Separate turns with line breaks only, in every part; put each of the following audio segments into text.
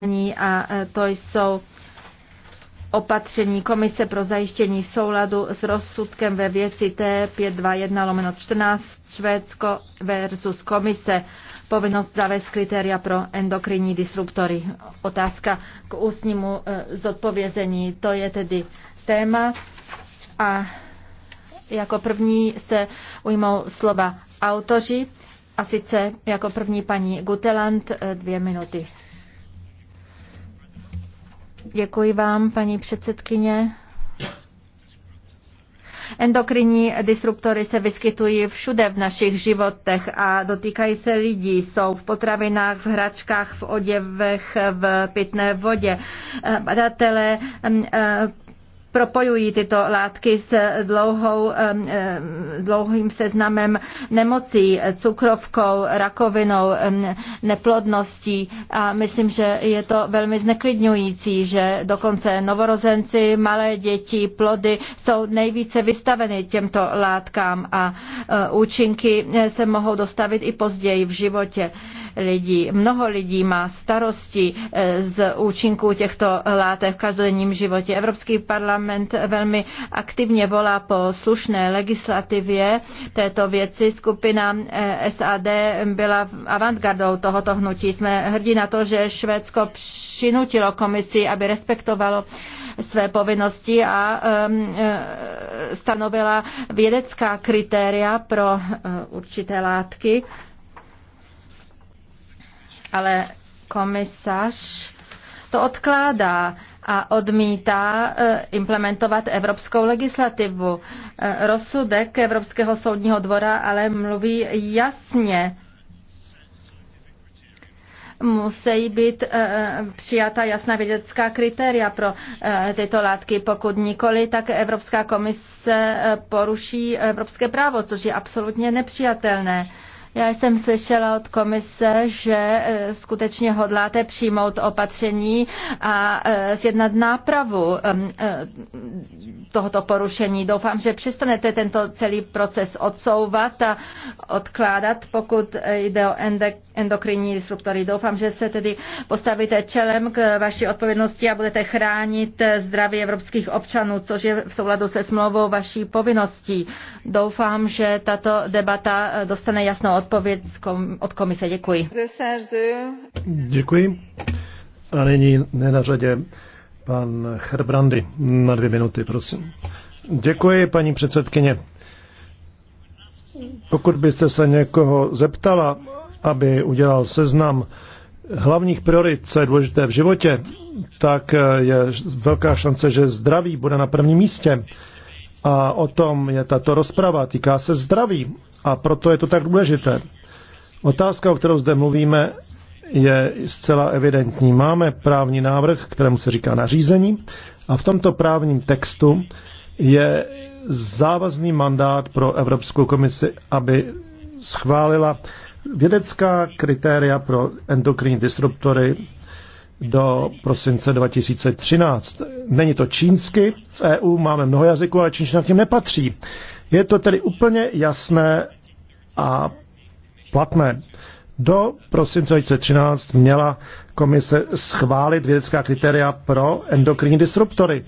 opatření a e, to jsou opatření Komise pro zajištění souladu s rozsudkem ve věci T521 lomeno 14 Švédsko versus Komise povinnost zavést kritéria pro endokrinní disruptory. Otázka k ústnímu e, zodpovězení. To je tedy téma a jako první se ujmou slova autoři a sice jako první paní Guteland e, dvě minuty. Děkuji vám, paní předsedkyně. Endokrinní disruptory se vyskytují všude v našich životech a dotýkají se lidí. Jsou v potravinách, v hračkách, v oděvech, v pitné vodě. Badatelé mm, eh, propojují tyto látky s dlouhou, dlouhým seznamem nemocí, cukrovkou, rakovinou, neplodností a myslím, že je to velmi zneklidňující, že dokonce novorozenci, malé děti, plody jsou nejvíce vystaveny těmto látkám a e, účinky se mohou dostavit i později v životě lidí. Mnoho lidí má starosti e, z účinků těchto látek v každodenním životě. Evropský parlament parlament velmi aktivně volá po slušné legislativě této věci. Skupina eh, SAD byla avantgardou tohoto hnutí. Jsme hrdí na to, že Švédsko přinutilo komisi, aby respektovalo své povinnosti a ehm, eh, stanovila vědecká kritéria pro eh, určité látky. Ale komisař to odkládá a odmítá e, implementovat evropskou legislativu. E, rozsudek Evropského soudního dvora ale mluví jasně. Musí být e, přijata jasná vědecká kritéria pro tyto látky. Pokud nikoli, tak Evropská komise poruší evropské právo, což je absolutně nepřijatelné. Já jsem slyšela od komise, že e, skutečně hodláte přijmout opatření a sjednat e, nápravu e, tohoto porušení. Doufám, že přestanete tento celý proces odsouvat a odkládat, pokud jde o endokrinní disruptory. Doufám, že se tedy postavíte čelem k vaší odpovědnosti a budete chránit zdraví evropských občanů, což je v souladu se smlouvou vaší povinností. Doufám, že tato debata dostane jasnou odpověď od komise. Děkuji.
Děkuji. A nyní je na řadě pan Herbrandy na dvě minuty, prosím. Děkuji, paní předsedkyně. Pokud byste se někoho zeptala, aby udělal seznam hlavních priorit, co je důležité v životě, tak je velká šance, že zdraví bude na prvním místě. A o tom je tato rozprava. Týká se zdraví a proto je to tak důležité. Otázka, o kterou zde mluvíme, je zcela evidentní. Máme právní návrh, kterému se říká nařízení, a v tomto právním textu je závazný mandát pro Evropskou komisi, aby schválila vědecká kritéria pro endokrinní disruptory do prosince 2013. Není to čínsky, v EU máme mnoho jazyků, ale čínština k něm nepatří. Je to tedy úplně jasné a platné. Do prosince 2013 měla komise schválit vědecká kritéria pro endokrinní disruptory.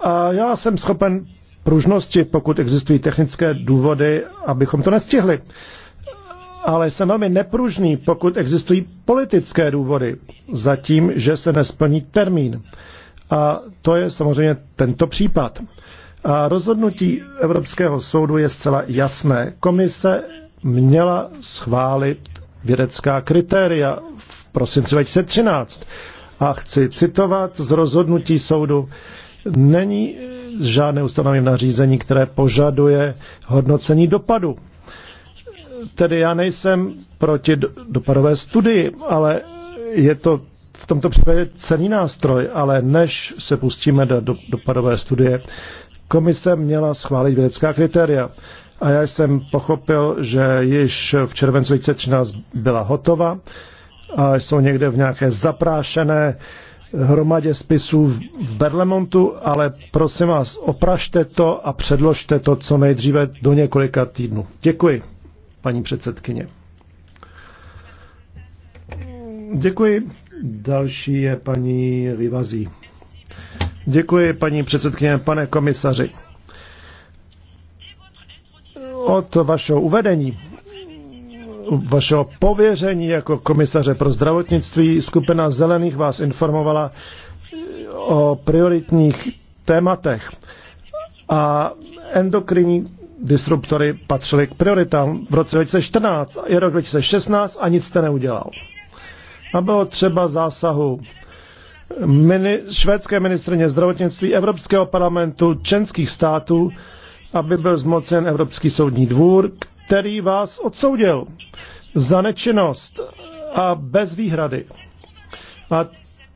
A já jsem schopen pružnosti, pokud existují technické důvody, abychom to nestihli. Ale jsem velmi nepružný, pokud existují politické důvody, za tím, že se nesplní termín. A to je samozřejmě tento případ. A rozhodnutí Evropského soudu je zcela jasné. Komise měla schválit vědecká kritéria v prosinci 2013. A chci citovat z rozhodnutí soudu. Není žádné ustanovení nařízení, které požaduje hodnocení dopadu. Tedy já nejsem proti dopadové studii, ale je to v tomto případě cený nástroj, ale než se pustíme do dopadové studie, Komise měla schválit vědecká kritéria. A já jsem pochopil, že již v červenci 2013 byla hotova a jsou někde v nějaké zaprášené hromadě spisů v Berlemontu, ale prosím vás, opražte to a předložte to co nejdříve do několika týdnů. Děkuji, paní předsedkyně. Děkuji. Další je paní Rivazí. Děkuji, paní předsedkyně, pane komisaři. Od vašeho uvedení, vašeho pověření jako komisaře pro zdravotnictví, skupina Zelených vás informovala o prioritních tématech a endokrinní disruptory patřily k prioritám. V roce 2014 je rok 2016 a nic jste neudělal. A bylo třeba zásahu mini, švédské ministrně zdravotnictví Evropského parlamentu členských států, aby byl zmocen Evropský soudní dvůr, který vás odsoudil za nečinnost a bez výhrady. A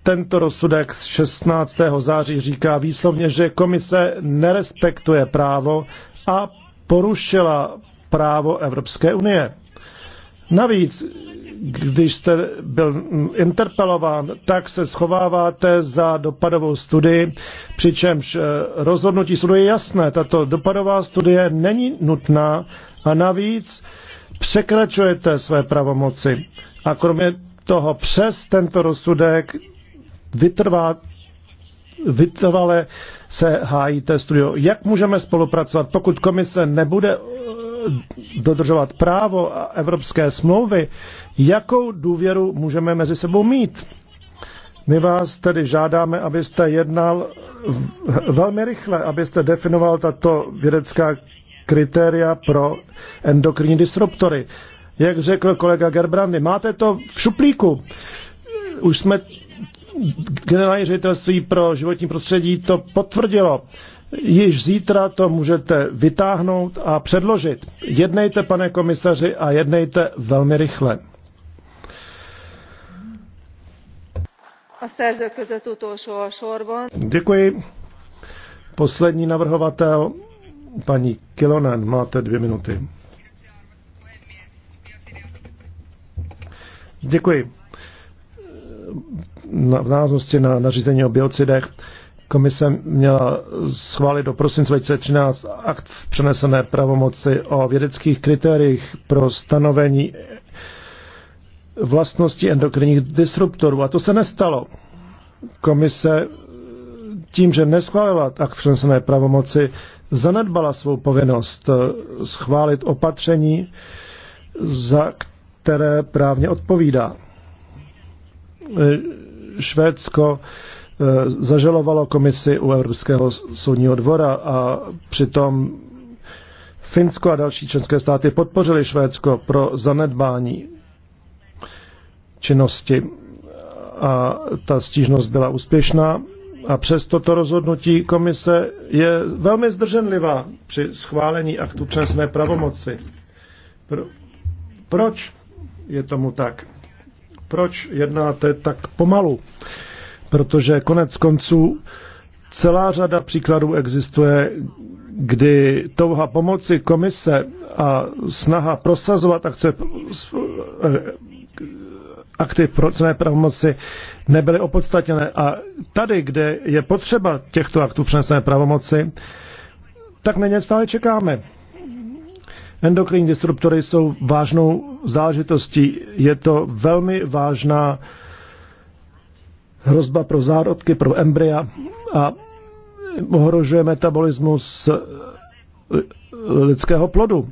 tento rozsudek z 16. září říká výslovně, že komise nerespektuje právo a porušila právo Evropské unie. Navíc když jste byl interpelován, tak se schováváte za dopadovou studii, přičemž eh, rozhodnutí soudu je jasné. Tato dopadová studie není nutná a navíc překračujete své pravomoci. A kromě toho přes tento rozsudek vytrvá, vytrvale se hájíte studio. Jak můžeme spolupracovat, pokud komise nebude eh, dodržovat právo a evropské smlouvy, jakou důvěru můžeme mezi sebou mít? My vás tedy žádáme, abyste jednal velmi rychle, abyste definoval tato vědecká kritéria pro endokrinní disruptory. Jak řekl kolega Gerbrandy, máte to v šuplíku. Už jsme generální ředitelství pro životní prostředí to potvrdilo. Již zítra to můžete vytáhnout a předložit. Jednejte, pane komisaři, a jednejte velmi rychle. Děkuji. Poslední navrhovatel, paní Kilonen, máte dvě minuty. Děkuji. V návaznosti na nařízení o biocidech Komise měla schválit do prosince 2013 akt v přenesené pravomoci o vědeckých kritériích pro stanovení vlastnosti endokrinních disruptorů. A to se nestalo. Komise tím, že neschválila akt v přenesené pravomoci, zanedbala svou povinnost schválit opatření, za které právně odpovídá. Švédsko Eh, zažalovalo komisi u Evropského soudního dvora a přitom Finsko a další členské státy podpořili Švédsko pro zanedbání činnosti a ta stížnost byla úspěšná. A přes toto rozhodnutí komise je velmi zdrženlivá při schválení aktu přesné pravomoci. Pro, proč je tomu tak? Proč jednáte tak pomalu? protože konec konců celá řada příkladů existuje, kdy touha pomoci komise a snaha prosazovat akce, akty pro pravomoci nebyly opodstatněné. A tady, kde je potřeba těchto aktů přenesené pravomoci, tak na ně stále čekáme. Endokrinní disruptory jsou vážnou záležitostí. Je to velmi vážná hrozba pro zárodky, pro embrya a ohrožuje metabolismus eh, lidského plodu.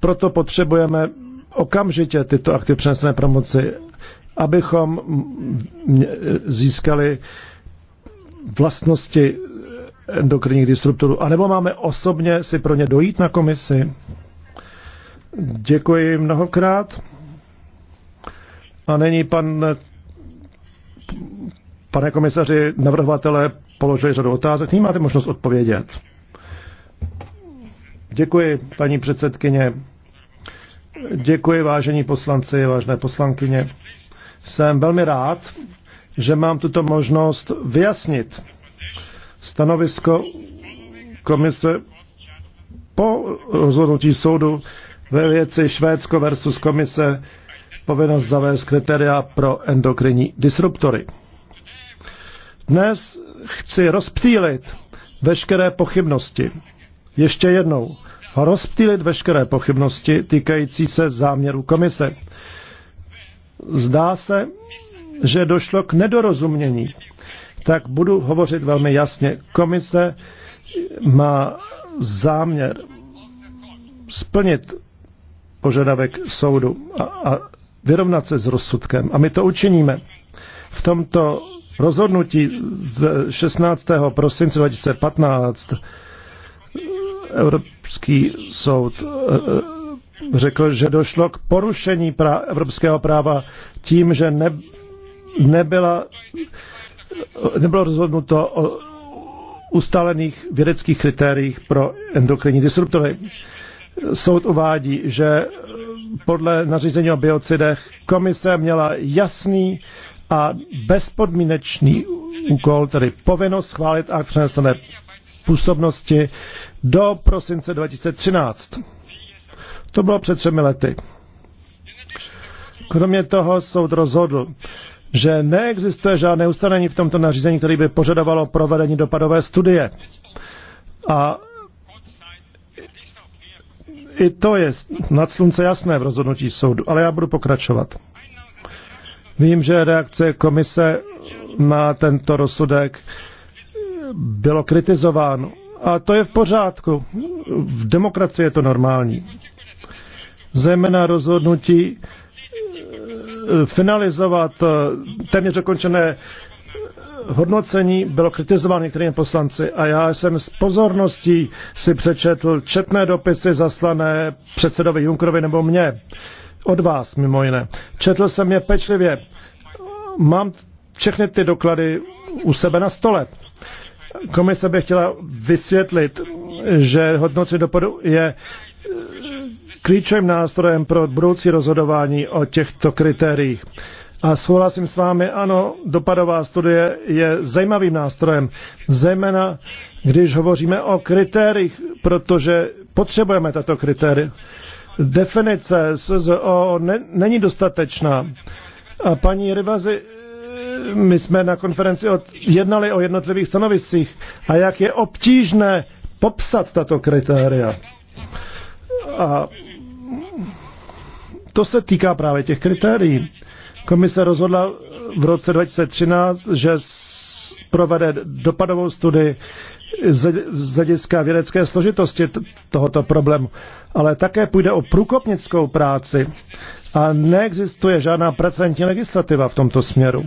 Proto potřebujeme okamžitě tyto akty přenesené promoci, abychom získali vlastnosti endokrinních disruptorů. A nebo máme osobně si pro ně dojít na komisi. Děkuji mnohokrát. A není pan Pane komisaři, navrhovatele položili řadu otázek, nyní máte možnost odpovědět. Děkuji, paní předsedkyně. Děkuji, vážení poslanci, vážné poslankyně. Jsem velmi rád, že mám tuto možnost vyjasnit stanovisko komise po rozhodnutí soudu ve věci Švédsko versus komise povinnost zavést kritéria pro endokrinní disruptory. Dnes chci rozptýlit veškeré pochybnosti. Ještě jednou. Rozptýlit veškeré pochybnosti týkající se záměru komise. Zdá se, že došlo k nedorozumění. Tak budu hovořit velmi jasně. Komise má záměr splnit požadavek soudu a, a vyrovnat se s rozsudkem. A my to učiníme. V tomto rozhodnutí z 16. prosince 2015 Evropský soud eh, eh, řekl, že došlo k porušení evropského práva tím, že ne- nebyla, nebylo rozhodnuto o ustalených vědeckých kritériích pro endokrinní disruptory. Soud uvádí, že podle nařízení o biocidech komise měla jasný a bezpodmínečný úkol, tedy povinnost schválit a přenesené působnosti do prosince 2013. To bylo před třemi lety. Kromě toho soud rozhodl, že neexistuje žádné ustanovení v tomto nařízení, které by požadovalo provedení dopadové studie. A i to je nad slunce jasné v rozhodnutí soudu, ale já budu pokračovat. Vím, že reakce komise na tento rozsudek bylo kritizováno. A to je v pořádku. V demokracii je to normální. Zejména rozhodnutí eh, finalizovat eh, téměř dokončené hodnocení bylo kritizováno některými poslanci a já jsem s pozorností si přečetl četné dopisy zaslané předsedovi Junkerovi nebo mně. Od vás, mimo jiné. Četl jsem je pečlivě. Mám všechny ty doklady u sebe na stole. Komise by chtěla vysvětlit, že hodnocení dopadu je klíčovým nástrojem pro budoucí rozhodování o těchto kritériích. A souhlasím s vámi, ano, dopadová studie je zajímavým nástrojem, zejména když hovoříme o kritériích, protože potřebujeme tato kritéria definice SZO ne, není dostatečná. A paní Rivazi, my jsme na konferenci od, jednali o jednotlivých stanoviscích a jak je obtížné popsat tato kritéria. A to se týká právě těch kritérií. Komise rozhodla v roce 2013, že provede dopadovou studii z hlediska vědecké složitosti tohoto problému, ale také půjde o průkopnickou práci a neexistuje žádná precedentní legislativa v tomto směru.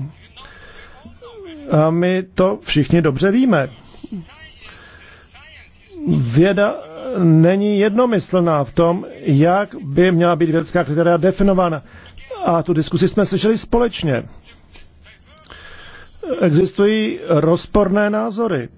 A my to všichni dobře víme. Věda není jednomyslná v tom, jak by měla být vědecká kritéria definována. A tu diskusi jsme slyšeli společně. Existují rozporné názory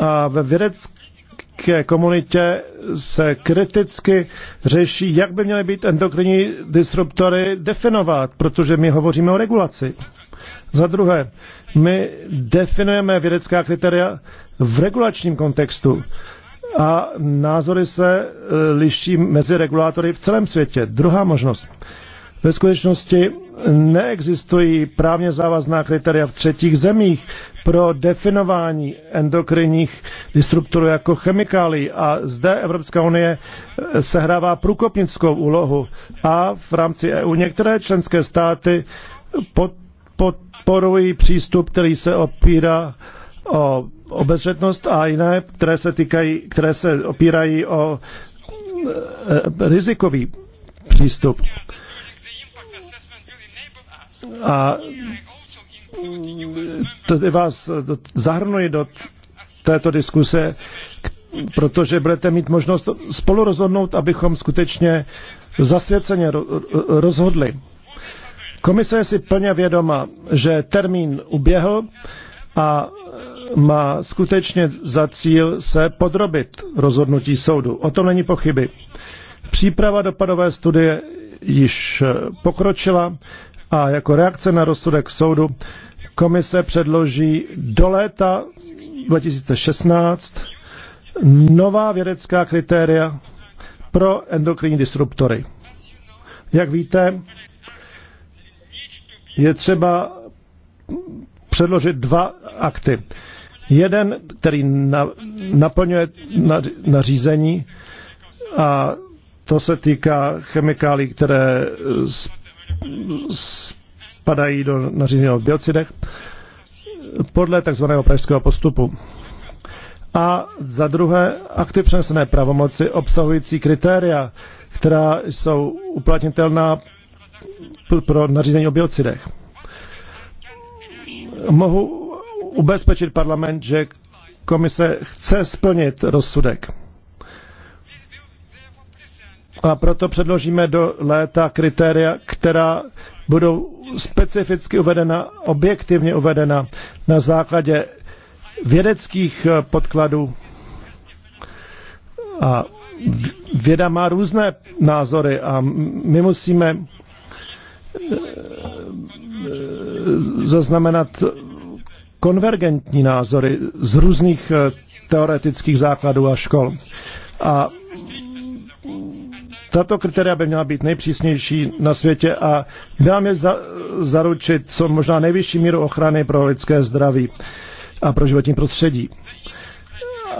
a ve vědecké komunitě se kriticky řeší, jak by měly být endokrinní disruptory definovat, protože my hovoříme o regulaci. Za druhé, my definujeme vědecká kritéria v regulačním kontextu a názory se e, liší mezi regulátory v celém světě. Druhá možnost. Ve skutečnosti neexistují právně závazná kritéria v třetích zemích, pro definování endokrinních disruptorů jako chemikálií. A zde Evropská unie eh, sehrává průkopnickou úlohu a v rámci EU některé členské státy pod, podporují přístup, který se opírá o obezřetnost a jiné, které se, týkají, které se opírají o eh, rizikový přístup. A vás zahrnuji do této diskuse, protože budete mít možnost spolu rozhodnout, abychom skutečně zasvěceně rozhodli. Komise je si plně vědoma, že termín uběhl a má skutečně za cíl se podrobit rozhodnutí soudu. O tom není pochyby. Příprava dopadové studie již pokročila a jako reakce na rozsudek soudu komise předloží do léta 2016 nová vědecká kritéria pro endokrinní disruptory. Jak víte, je třeba předložit dva akty. Jeden, který na, naplňuje nařízení na a to se týká chemikálí, které z spadají do nařízení o biocidech podle tzv. pražského postupu. A za druhé, akty přenesené pravomoci obsahující kritéria, která jsou uplatnitelná pro nařízení o biocidech. Mohu ubezpečit parlament, že komise chce splnit rozsudek. A proto předložíme do léta kritéria, která budou specificky uvedena, objektivně uvedena na základě vědeckých eh, podkladů. A věda má různé názory a my musíme eh, eh, zaznamenat konvergentní názory z různých teoretických základů a škol. A tato kritéria by měla být nejpřísnější na světě a měla mě za, zaručit co možná nejvyšší míru ochrany pro lidské zdraví a pro životní prostředí.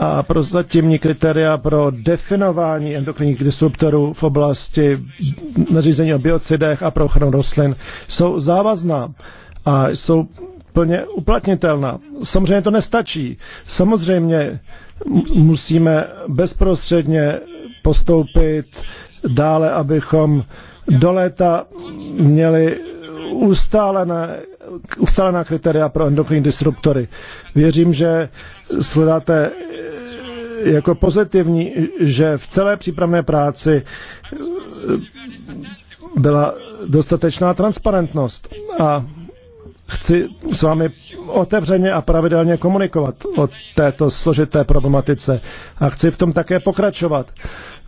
A prozatímní kritéria pro definování endokrinních disruptorů v oblasti nařízení o biocidech a pro ochranu rostlin jsou závazná a jsou plně uplatnitelná. Samozřejmě to nestačí. Samozřejmě musíme bezprostředně postoupit Dále, abychom do léta měli ustálené, ustálená kritéria pro endokrinní disruptory. Věřím, že sledáte eh, jako pozitivní, že v celé přípravné práci eh, byla dostatečná transparentnost a chci s vámi otevřeně a pravidelně komunikovat o této složité problematice a chci v tom také pokračovat.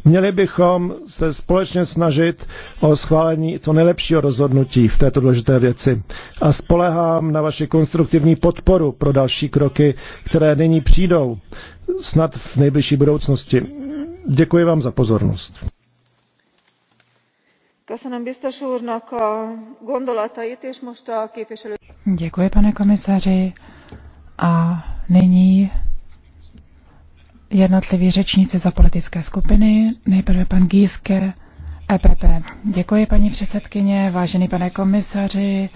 Měli bychom se společně snažit o schválení co nejlepšího rozhodnutí v této důležité věci. A spolehám na vaši konstruktivní podporu pro další kroky, které nyní přijdou, snad v nejbližší budoucnosti. Děkuji vám za pozornost.
Děkuji, pane komisaři. A nyní jednotliví řečníci za politické skupiny. Nejprve pan Gíske, EPP. Děkuji, paní předsedkyně, vážený pane komisaři,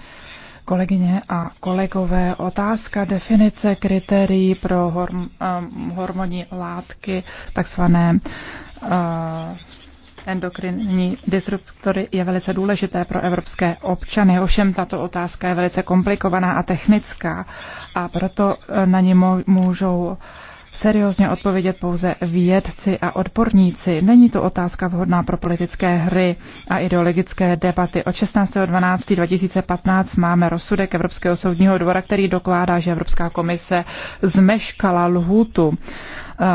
kolegyně a kolegové. Otázka definice kritérií pro horm, um, hormonní látky, takzvané uh, endokrinní disruptory je velice důležité pro evropské občany. Ovšem tato otázka je velice komplikovaná a technická a proto eh, na ní můžou seriózně odpovědět pouze vědci a odporníci. Není to otázka vhodná pro politické hry a ideologické debaty. Od 16.12.2015 máme rozsudek Evropského soudního dvora, který dokládá, že Evropská komise zmeškala lhůtu. Eh,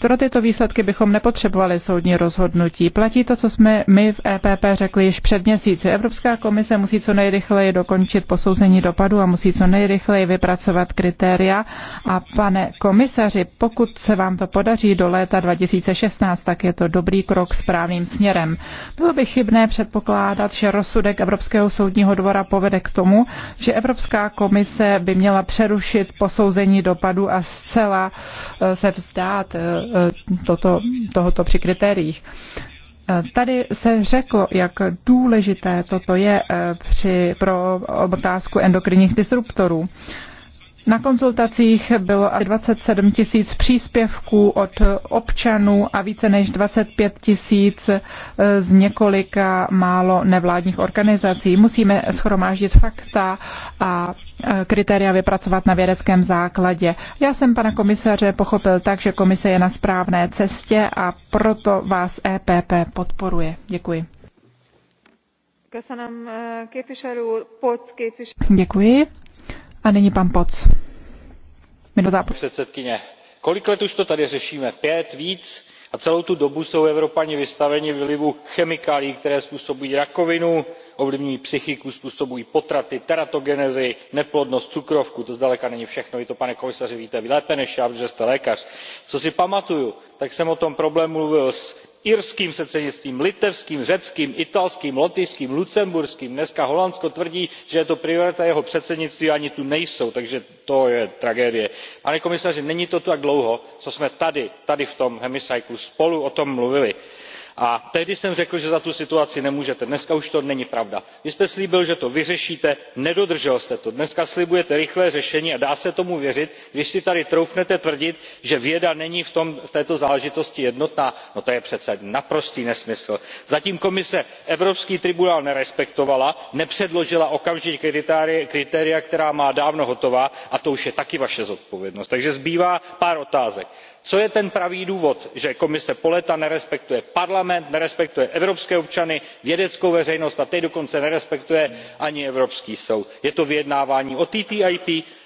pro tyto výsledky bychom nepotřebovali soudní rozhodnutí. Platí to, co jsme my v EPP řekli již před měsíci. Evropská komise musí co nejrychleji dokončit posouzení dopadu a musí co nejrychleji vypracovat kritéria. A pane komisaři, pokud se vám to podaří do léta 2016, tak je to dobrý krok správným směrem. Bylo by chybné předpokládat, že rozsudek Evropského soudního dvora povede k tomu, že Evropská komise by měla přerušit posouzení dopadu a zcela eh, se vzdát eh, eh, toto, tohoto při kritériích. Eh, tady se řeklo, jak důležité toto je při, pro otázku endokrinních disruptorů. Na konzultacích bylo 27 tisíc příspěvků od občanů a více než 25 tisíc eh, z několika málo nevládních organizací. Musíme schromáždit fakta a eh, kritéria vypracovat na vědeckém základě. Já jsem pana komisaře pochopil tak, že komise je na správné cestě a proto vás EPP podporuje. Děkuji.
Eh,
Děkuji paní předsedající
pan kolik let už to tady řešíme? Pět? Víc? A celou tu dobu jsou Evropané vystaveni vlivu chemikálií, které způsobují rakovinu, ovlivňují psychiku, způsobují potraty, teratogenezi, neplodnost, cukrovku. To zdaleka není všechno. Vy to, pane komisaři, víte lépe než já, protože jste lékař. Co si pamatuju, tak jsem o tom problému mluvil s irským předsednictvím litevským řeckým italským lotyšským lucemburským dneska holandsko tvrdí že je to priorita jeho předsednictví a ani tu nejsou takže to je tragédie. pane komisaři není to tak dlouho co jsme tady v tomto hemicyclu spolu o tom mluvili a tehdy jsem řekl že za tu situaci nemůžete. dneska už to není pravda. vy jste slíbil že to vyřešíte nedodržel jste to. dneska slibujete rychlé řešení a dá se tomu věřit když si tady troufnete tvrdit že věda není v této záležitosti jednotná. no to je přece naprostý nesmysl. zatím komise evropský tribunál nerespektovala nepředložila okamžitě kritéria která má dávno hotová a to už je taky vaše zodpovědnost. takže zbývá pár otázek co je ten pravý důvod že komise po léta nerespektuje parlament nerespektuje evropské občany vědeckou veřejnost a teď dokonce nerespektuje ani evropský soud? je to vyjednávání o ttip?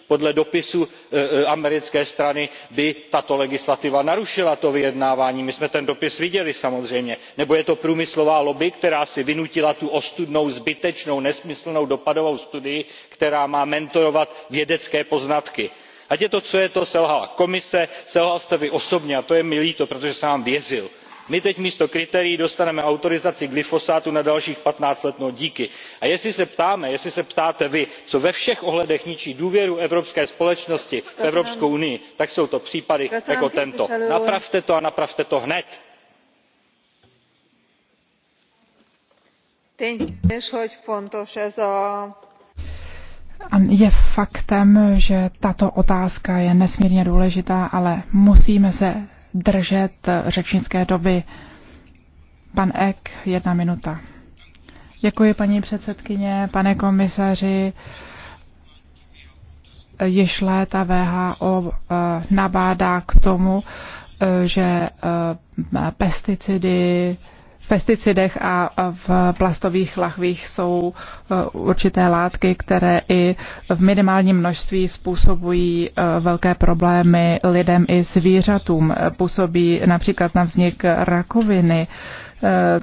podle dopisu eh, eh, americké strany by tato legislativa narušila to vyjednávání my jsme ten dopis viděli samozřejmě. nebo je to průmyslová lobby která si vynutila tu ostudnou zbytečnou nesmyslnou dopadovou studii která má mentorovat vědecké poznatky? ať je to co je to selhala komise selhal jste vy osobně a to je mi líto protože jsem vám věřil. my teď místo kritérií dostaneme autorizaci glyfosátu na dalších fifteen let no díky. a jestli se ptáme jestli se ptáte vy co ve všech ohledech ničí důvěru evropské společnosti v evropskou unii tak jsou to případy jako tento. napravte to a napravte to hned!
je faktem, že tato otázka je nesmírně důležitá, ale musíme se držet řečnické doby. Pan Ek, jedna minuta. Děkuji, paní předsedkyně, pane komisaři. Již léta VHO eh, nabádá k tomu, eh, že eh, pesticidy pesticidech a v plastových lahvích jsou e, určité látky, které i v minimálním množství způsobují e, velké problémy lidem i zvířatům. E, působí například na vznik rakoviny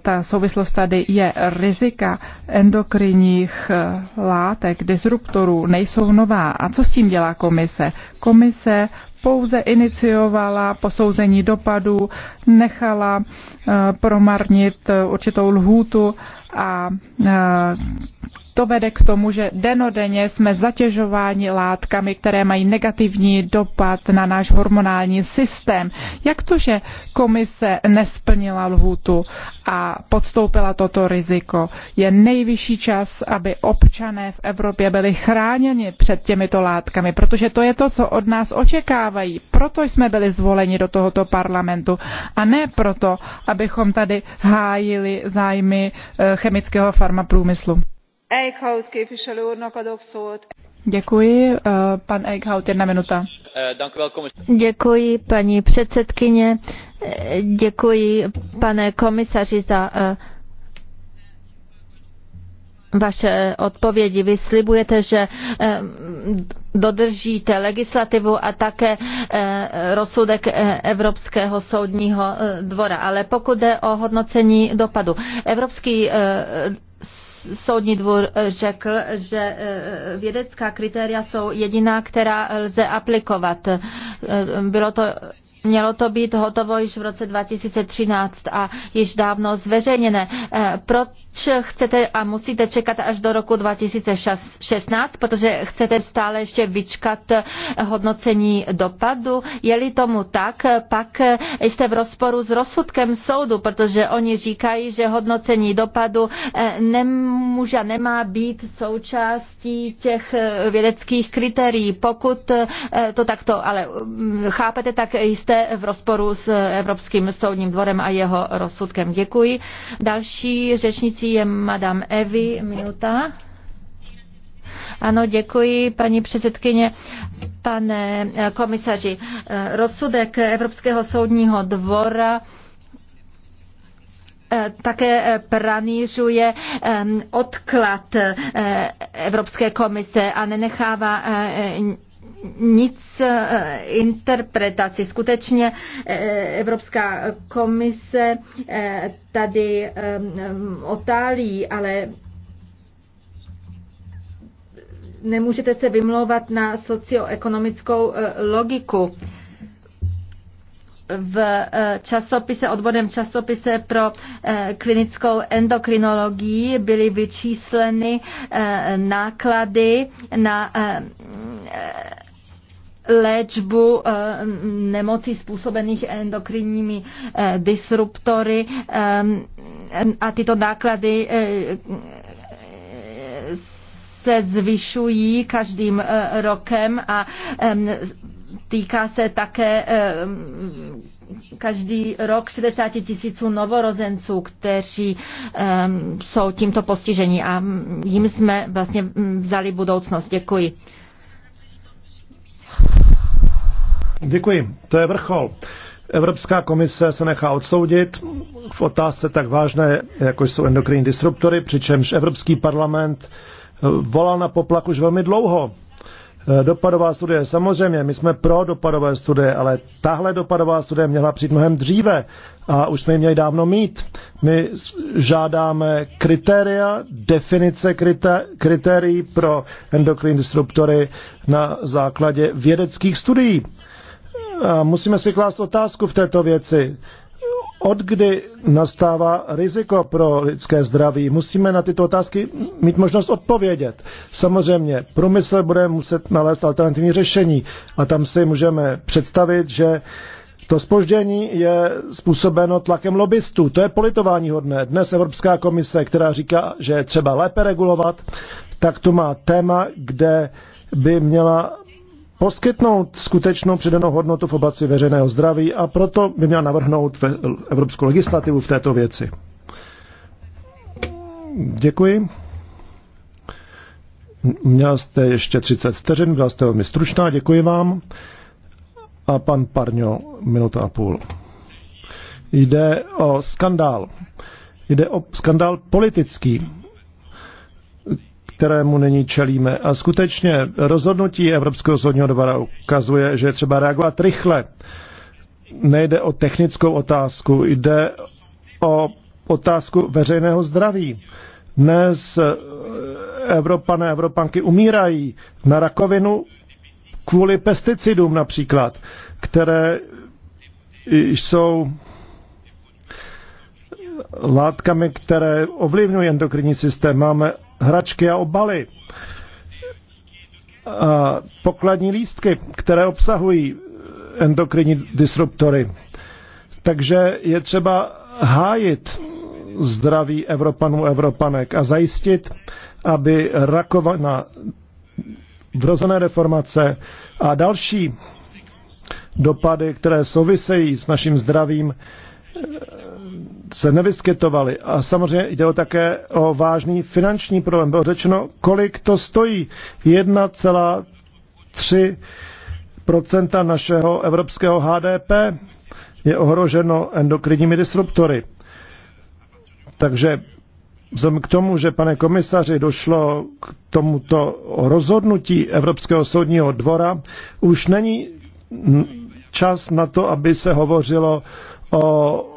ta souvislost tady je rizika endokrinních eh, látek, disruptorů, nejsou nová. A co s tím dělá komise? Komise pouze iniciovala posouzení dopadů, nechala eh, promarnit eh, určitou lhůtu a to vede k tomu, že denodenně jsme zatěžováni látkami, které mají negativní dopad na náš hormonální systém. Jak to, že komise nesplnila lhůtu a podstoupila toto riziko? Je nejvyšší čas, aby občané v Evropě byli chráněni před těmito látkami, protože to je to, co od nás očekávají. Proto jsme byli zvoleni do tohoto parlamentu a ne proto, abychom tady hájili zájmy eh, chemického farmaprůmyslu. Děkuji. Eh, pan eh, Děkuji, paní
předsedkyně. Eh, děkuji, pane komisaři, za vaše odpovědi. Vy slibujete, že dodržíte legislativu a také rozsudek Evropského soudního dvora. Ale pokud jde o hodnocení dopadu, Evropský soudní dvůr řekl, že e, vědecká kritéria jsou jediná, která lze aplikovat. E, bylo to Mělo to být hotovo již v roce 2013 a již dávno zveřejněné. E, Proto chcete a musíte čekat až do roku 2016, protože chcete stále ještě vyčkat hodnocení dopadu. Je-li tomu tak, pak jste v rozporu s rozsudkem soudu, protože oni říkají, že hodnocení dopadu eh, nemůže a nemá být součástí těch eh, vědeckých kritérií. Pokud eh, to takto ale mm, chápete, tak jste v rozporu s Evropským soudním dvorem a jeho rozsudkem. Děkuji. Další řečníci Další je Madame Evi, minuta. Ano, děkuji, paní předsedkyně. Pane eh, komisaři, eh, rozsudek Evropského soudního dvora eh, také pranířuje odklad Evropské komise a nenechává nic eh, interpretaci. Skutečně eh, Evropská komise eh, tady ehm, ehm, otálí, ale nemůžete se vymlouvat na socioekonomickou logiku v časopise, odborném časopise pro klinickou endokrinologii byly vyčísleny náklady na léčbu eh, nemocí způsobených endokrinními eh, disruptory eh, a tyto náklady se zvyšují každým rokem a týká se také každý rok 60 tisíců novorozenců, kteří jsou tímto postiženi a jim jsme vlastně mm, vzali budoucnost. Děkuji.
Děkuji. To je vrchol. Evropská komise se nechá odsoudit v otázce tak vážné, jako jsou endokrinní disruptory, přičemž Evropský parlament eh, volal na poplach už velmi dlouho. Eh, dopadová studie, samozřejmě, my jsme pro dopadové studie, ale tahle dopadová studie měla přijít mnohem dříve a už jsme ji měli dávno mít. My žádáme kritéria, definice kritérií pro endokrinní disruptory na základě vědeckých studií musíme si klást otázku v této věci. Od kdy nastává riziko pro lidské zdraví? Musíme na tyto otázky mít možnost odpovědět. Samozřejmě, průmysl bude muset nalézt alternativní řešení a tam si můžeme představit, že to spoždění je způsobeno tlakem lobbystů. To je politování hodné. Dnes Evropská komise, která říká, že je třeba lépe regulovat, tak tu má téma, kde by měla poskytnout skutečnou přidanou hodnotu v oblasti veřejného zdraví a proto by měl navrhnout evropskou legislativu v této věci. Děkuji. Měl jste ještě 30 vteřin, byla jste velmi stručná, děkuji vám. A pan Parňo, minuta a půl. Jde o skandál. Jde o skandál politický kterému nyní čelíme. A skutečně rozhodnutí Evropského soudního dvora ukazuje, že je třeba reagovat rychle. Nejde o technickou otázku, jde o otázku veřejného zdraví. Dnes eh, Evropané, Evropanky umírají na rakovinu kvůli pesticidům například, které jsou látkami, které ovlivňují endokrinní systém. Máme hračky a obaly, a pokladní lístky, které obsahují endokrinní disruptory. Takže je třeba hájit zdraví Evropanů Evropanek a zajistit, aby rakovina, vrozené deformace a další dopady, které souvisejí s naším zdravím, se nevyskytovaly. A samozřejmě jde o také o vážný finanční problém. Bylo řečeno, kolik to stojí. 1,3 našeho evropského HDP je ohroženo endokrinními disruptory. Takže vzhledem k tomu, že pane komisaři došlo k tomuto rozhodnutí Evropského soudního dvora, už není čas na to, aby se hovořilo o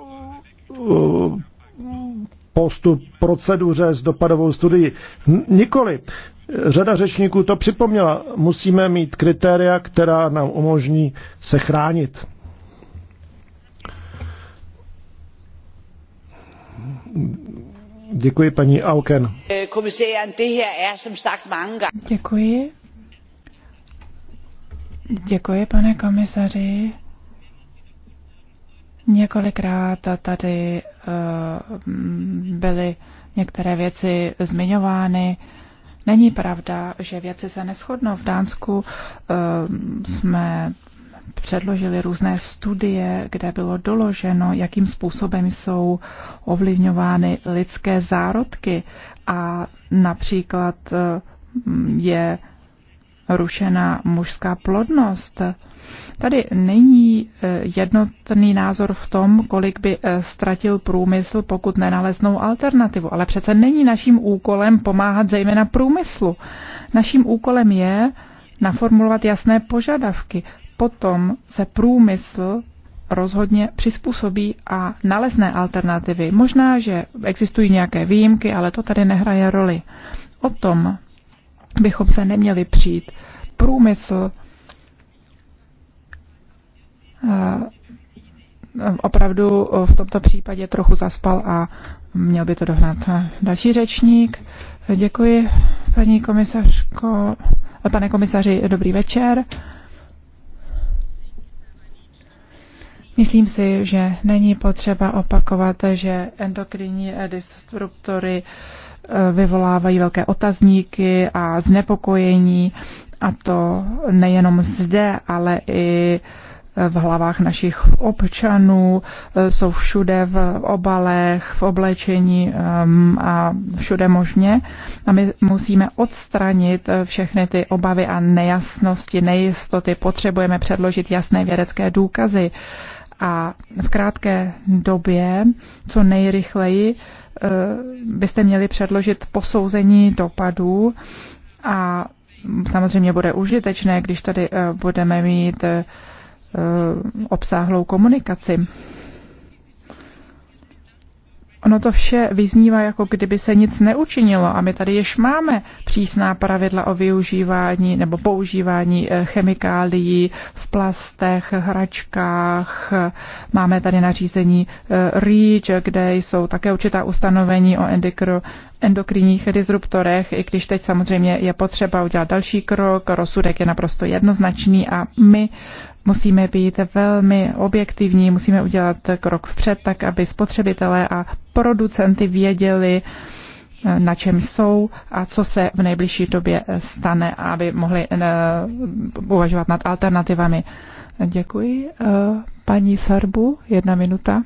postup proceduře s dopadovou studií. Nikoli. Řada řečníků to připomněla. Musíme mít kritéria, která nám umožní se chránit. Děkuji, paní Auken.
Děkuji. Děkuji, pane komisaři. Několikrát tady eh, byly některé věci zmiňovány. Není pravda, že věci se neschodnou. V Dánsku eh, jsme předložili různé studie, kde bylo doloženo, jakým způsobem jsou ovlivňovány lidské zárodky a například eh, je rušena mužská plodnost. Tady není eh, jednotný názor v tom, kolik by eh, ztratil průmysl, pokud nenaleznou alternativu. Ale přece není naším úkolem pomáhat zejména průmyslu. Naším úkolem je naformulovat jasné požadavky. Potom se průmysl rozhodně přizpůsobí a nalezne alternativy. Možná, že existují nějaké výjimky, ale to tady nehraje roli. O tom bychom se neměli přijít. Průmysl eh, opravdu v tomto případě trochu zaspal a měl by to dohnat další řečník. Děkuji, paní komisařko, eh, pane komisaři, dobrý večer. Myslím si, že není potřeba opakovat, že endokrinní disruptory uh, vyvolávají velké otazníky a znepokojení, a to nejenom zde, ale i v hlavách našich občanů, jsou všude v obalech, v oblečení um, a všude možně. A my musíme odstranit eh, všechny ty obavy a nejasnosti, nejistoty. Potřebujeme předložit jasné vědecké důkazy a v krátké době, co nejrychleji, eh, byste měli předložit posouzení dopadů a samozřejmě bude užitečné, když tady eh, budeme mít eh, obsáhlou komunikaci. Ono to vše vyznívá, jako kdyby se nic neučinilo a my tady již máme přísná pravidla o využívání nebo používání eh, chemikálií v plastech, hračkách. Máme tady nařízení eh, REACH, kde jsou také určitá ustanovení o endokro, endokrinních disruptorech, i když teď samozřejmě je potřeba udělat další krok, rozsudek je naprosto jednoznačný a my Musíme být velmi objektivní, musíme udělat krok vpřed, tak aby spotřebitelé a producenty věděli, na čem jsou a co se v nejbližší době stane, aby mohli eh, uvažovat nad alternativami. Děkuji. Eh, paní Sarbu, jedna minuta.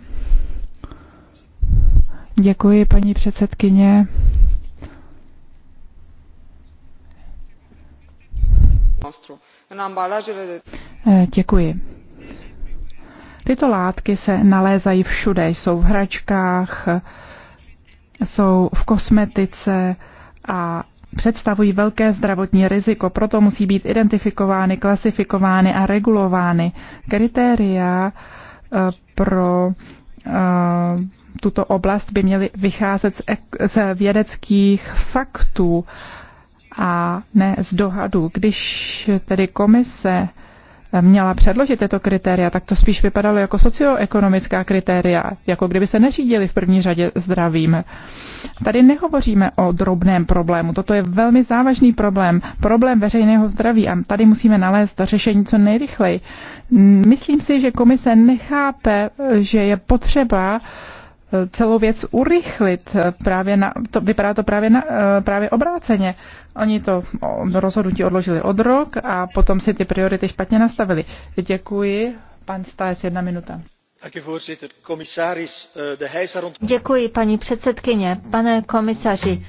Děkuji, paní předsedkyně.
Nostru Eh,
děkuji. Tyto látky se nalézají všude. Jsou v hračkách, jsou v kosmetice a představují velké zdravotní riziko, proto musí být identifikovány, klasifikovány a regulovány kritéria eh, pro eh, tuto oblast by měly vycházet z vědeckých faktů a ne z dohadu. Když tedy komise měla předložit tyto kritéria, tak to spíš vypadalo jako socioekonomická kritéria, jako kdyby se neřídili v první řadě zdravím. Tady nehovoříme o drobném problému, toto je velmi závažný problém, problém veřejného zdraví a tady musíme nalézt řešení co nejrychleji. Myslím si, že komise nechápe, že je potřeba uh, celou věc urychlit. Eh, právě na, to, vypadá to právě, na, eh, právě obráceně. Oni to rozhodnutí odložili od rok a potom si ty priority špatně nastavili. Děkuji. Pan Stáes, jedna minuta.
Eh,
Děkuji, paní předsedkyně. Pane
komisaři,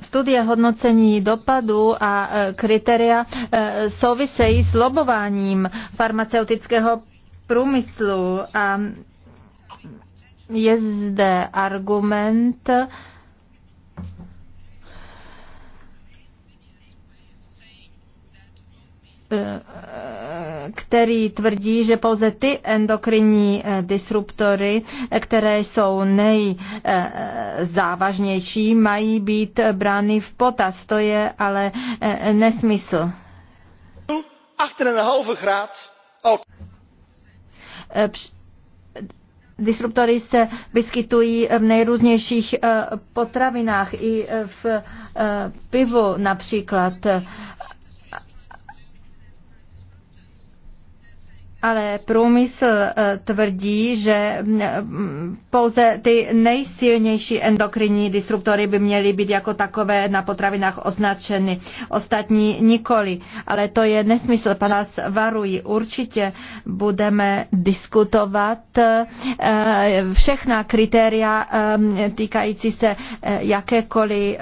studie hodnocení dopadu a kritéria souvisejí s lobováním farmaceutického průmyslu a je zde argument, který tvrdí, že pouze ty endokrinní eh, disruptory, eh, které jsou nejzávažnější, eh, mají být brány v potaz. To je ale nesmysl.
8,5 grad.
Eh, disruptory se vyskytují v nejrůznějších eh, potravinách, i eh, v pivu například. ale průmysl eh, tvrdí, že mm, eh, pouze ty nejsilnější endokrinní disruptory by měly být jako takové na potravinách označeny, ostatní nikoli. Ale to je nesmysl, pan nás varují. Určitě budeme diskutovat eh, všechna kritéria týkající se jakékoliv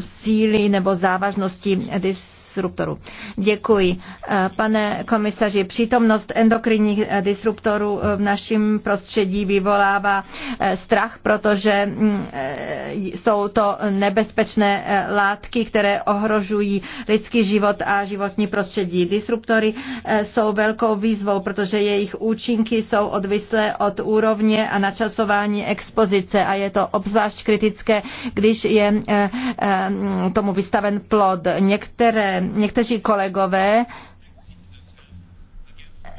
síly nebo závažnosti disruptory disruptorů. Děkuji. Eh, pane komisaři, přítomnost endokrinních eh, disruptorů eh, v našem prostředí vyvolává strach, protože mm, jsou to nebezpečné látky, které ohrožují lidský život a životní prostředí. Disruptory jsou velkou výzvou, protože jejich účinky jsou odvislé od úrovně a načasování expozice a je to obzvlášť kritické, když je tomu vystaven plod. Některé Někteří kolegové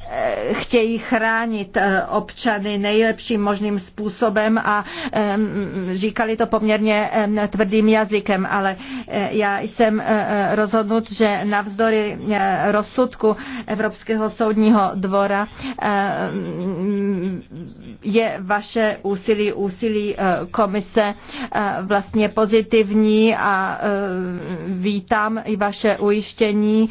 Eh, chtějí chránit eh, občany nejlepším možným způsobem a říkali to poměrně tvrdým jazykem, ale eh, já jsem rozhodnut, že navzdory rozsudku Evropského soudního dvora je vaše úsilí, úsilí komise vlastně pozitivní a vítám i vaše ujištění,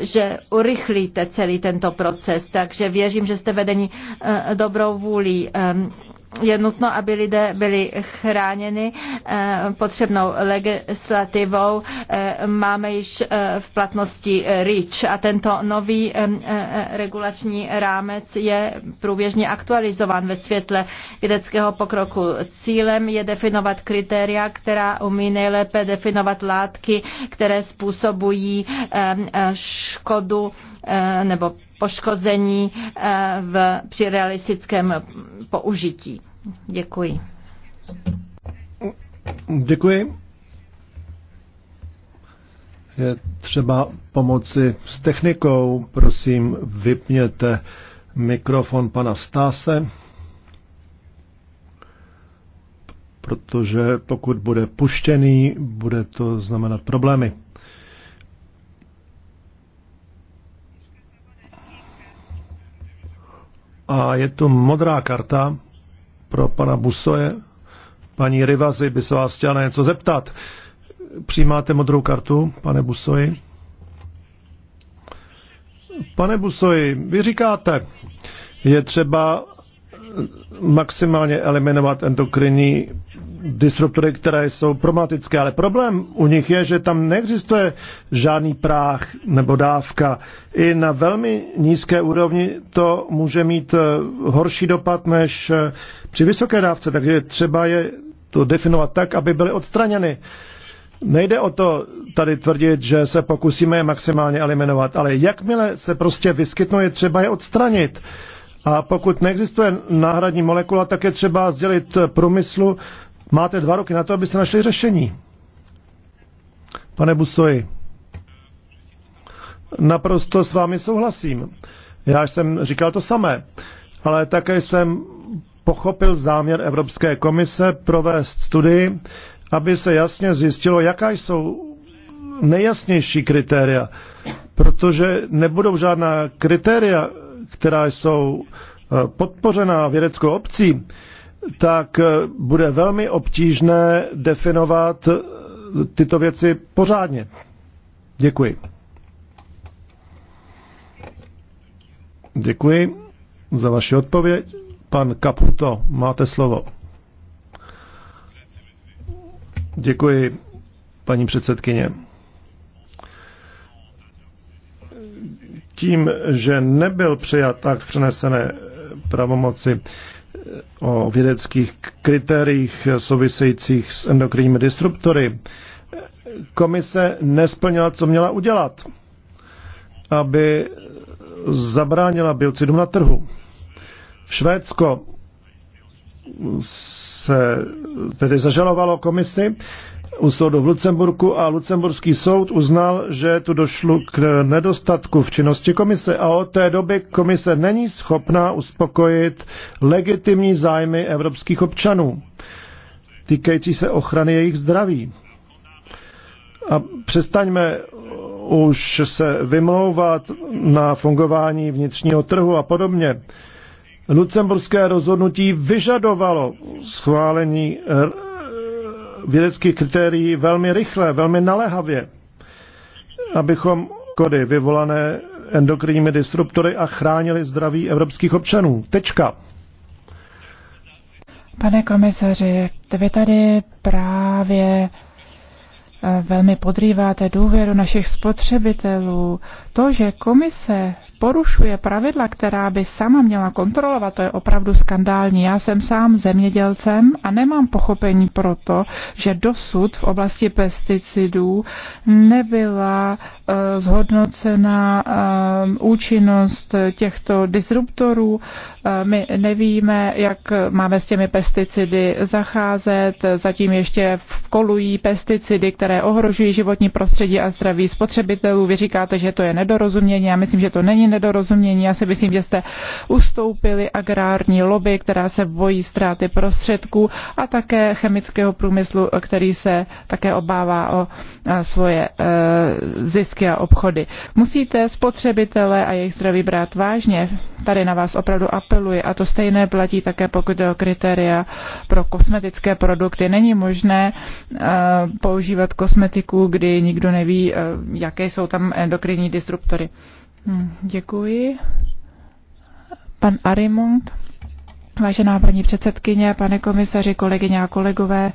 že urychlíte celý ten tento proces. Takže věřím, že jste vedeni eh, dobrou vůlí je nutno, aby lidé byli chráněni eh, potřebnou legislativou. Eh, máme již eh, v platnosti REACH a tento nový regulační rámec je průběžně aktualizován ve světle vědeckého pokroku. Cílem je definovat kritéria, která umí nejlépe definovat látky, které způsobují škodu nebo poškození eh, v, při realistickém použití. Děkuji.
Děkuji. Je třeba pomoci s technikou. Prosím, vypněte mikrofon pana Stáse, protože pokud bude puštěný, bude to znamenat problémy. A je tu modrá karta pro pana Busoje. Paní Rivazy by se vás chtěla na něco zeptat. Přijímáte modrou kartu, pane Busoji? Pane Busoji, vy říkáte, je třeba maximálně eliminovat endokrinní disruptory, které jsou problematické, ale problém u nich je, že tam neexistuje žádný práh nebo dávka. I na velmi nízké úrovni to může mít eh, horší dopad než eh, při vysoké dávce, takže třeba je to definovat tak, aby byly odstraněny. Nejde o to tady tvrdit, že se pokusíme je maximálně eliminovat, ale jakmile se prostě vyskytnou, je třeba je odstranit. A pokud neexistuje náhradní molekula, tak je třeba sdělit průmyslu, Máte dva roky na to, abyste našli řešení. Pane Busoji, naprosto s vámi souhlasím. Já jsem říkal to samé, ale také jsem pochopil záměr Evropské komise provést studii, aby se jasně zjistilo, jaká jsou nejjasnější kritéria, protože nebudou žádná kritéria, která jsou eh, podpořená vědeckou obcí, tak eh, bude velmi obtížné definovat eh, tyto věci pořádně. Děkuji. Děkuji za vaši odpověď. Pan Kaputo, máte slovo. Děkuji, paní předsedkyně. Tím, že nebyl přijat tak přenesené pravomoci, o vědeckých kritériích souvisejících s endokrinními disruptory. Komise nesplnila, co měla udělat, aby zabránila biocidům na trhu. Švédsko se tedy zažalovalo komisi u soudu v Lucemburku a Lucemburský soud uznal, že tu došlo k nedostatku v činnosti komise a od té doby komise není schopná uspokojit legitimní zájmy evropských občanů týkající se ochrany jejich zdraví. A přestaňme už se vymlouvat na fungování vnitřního trhu a podobně. Lucemburské rozhodnutí vyžadovalo schválení vědeckých kritérií velmi rychle, velmi naléhavě, abychom kody vyvolané endokrinními disruptory a chránili zdraví evropských občanů. Tečka.
Pane komisaři, vy tady právě eh, velmi podrýváte důvěru našich spotřebitelů. To, že komise porušuje pravidla, která by sama měla kontrolovat, to je opravdu skandální. Já jsem sám zemědělcem a nemám pochopení proto, že dosud v oblasti pesticidů nebyla uh, zhodnocena uh, účinnost těchto disruptorů. Uh, my nevíme, jak máme s těmi pesticidy zacházet. Zatím ještě kolují pesticidy, které ohrožují životní prostředí a zdraví spotřebitelů. Vy říkáte, že to je nedorozumění. Já myslím, že to není nedorozumění. Já si myslím, že jste ustoupili agrární lobby, která se bojí ztráty prostředků a také chemického průmyslu, který se také obává o svoje e, zisky a obchody. Musíte spotřebitele a jejich zdraví brát vážně. Tady na vás opravdu apeluji a to stejné platí také pokud jde o kritéria pro kosmetické produkty. Není možné e, používat kosmetiku, kdy nikdo neví, e, jaké jsou tam endokrinní disruptory. Hm, děkuji. Pan Arimont, vážená paní předsedkyně, pane komisaři, kolegyně a kolegové,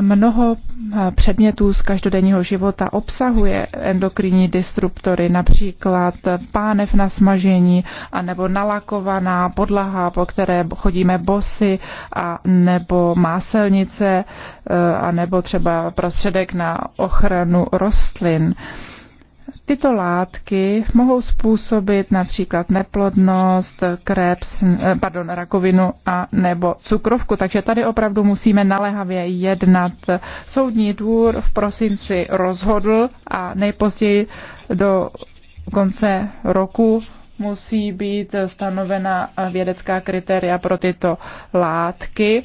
Mnoho eh, předmětů z každodenního života obsahuje endokrinní disruptory, například pánev na smažení, anebo nalakovaná podlaha, po které chodíme bosy, a nebo máselnice, eh, a nebo třeba prostředek na ochranu rostlin. Tyto látky mohou způsobit například neplodnost, krebs, eh, pardon, rakovinu a nebo cukrovku, takže tady opravdu musíme naléhavě jednat. Soudní dvůr v prosinci rozhodl a nejpozději do konce roku musí být stanovena vědecká kritéria pro tyto látky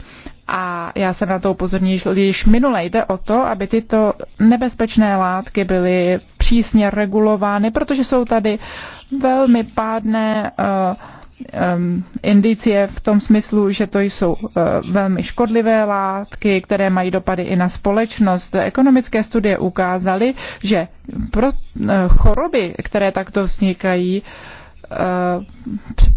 a já jsem na to upozornil již minule. Jde o to, aby tyto nebezpečné látky byly přísně regulovány, protože jsou tady velmi pádné uh, um, indicie v tom smyslu, že to jsou uh, velmi škodlivé látky, které mají dopady i na společnost. Ekonomické studie ukázaly, že pro uh, choroby, které takto vznikají, uh, Eh,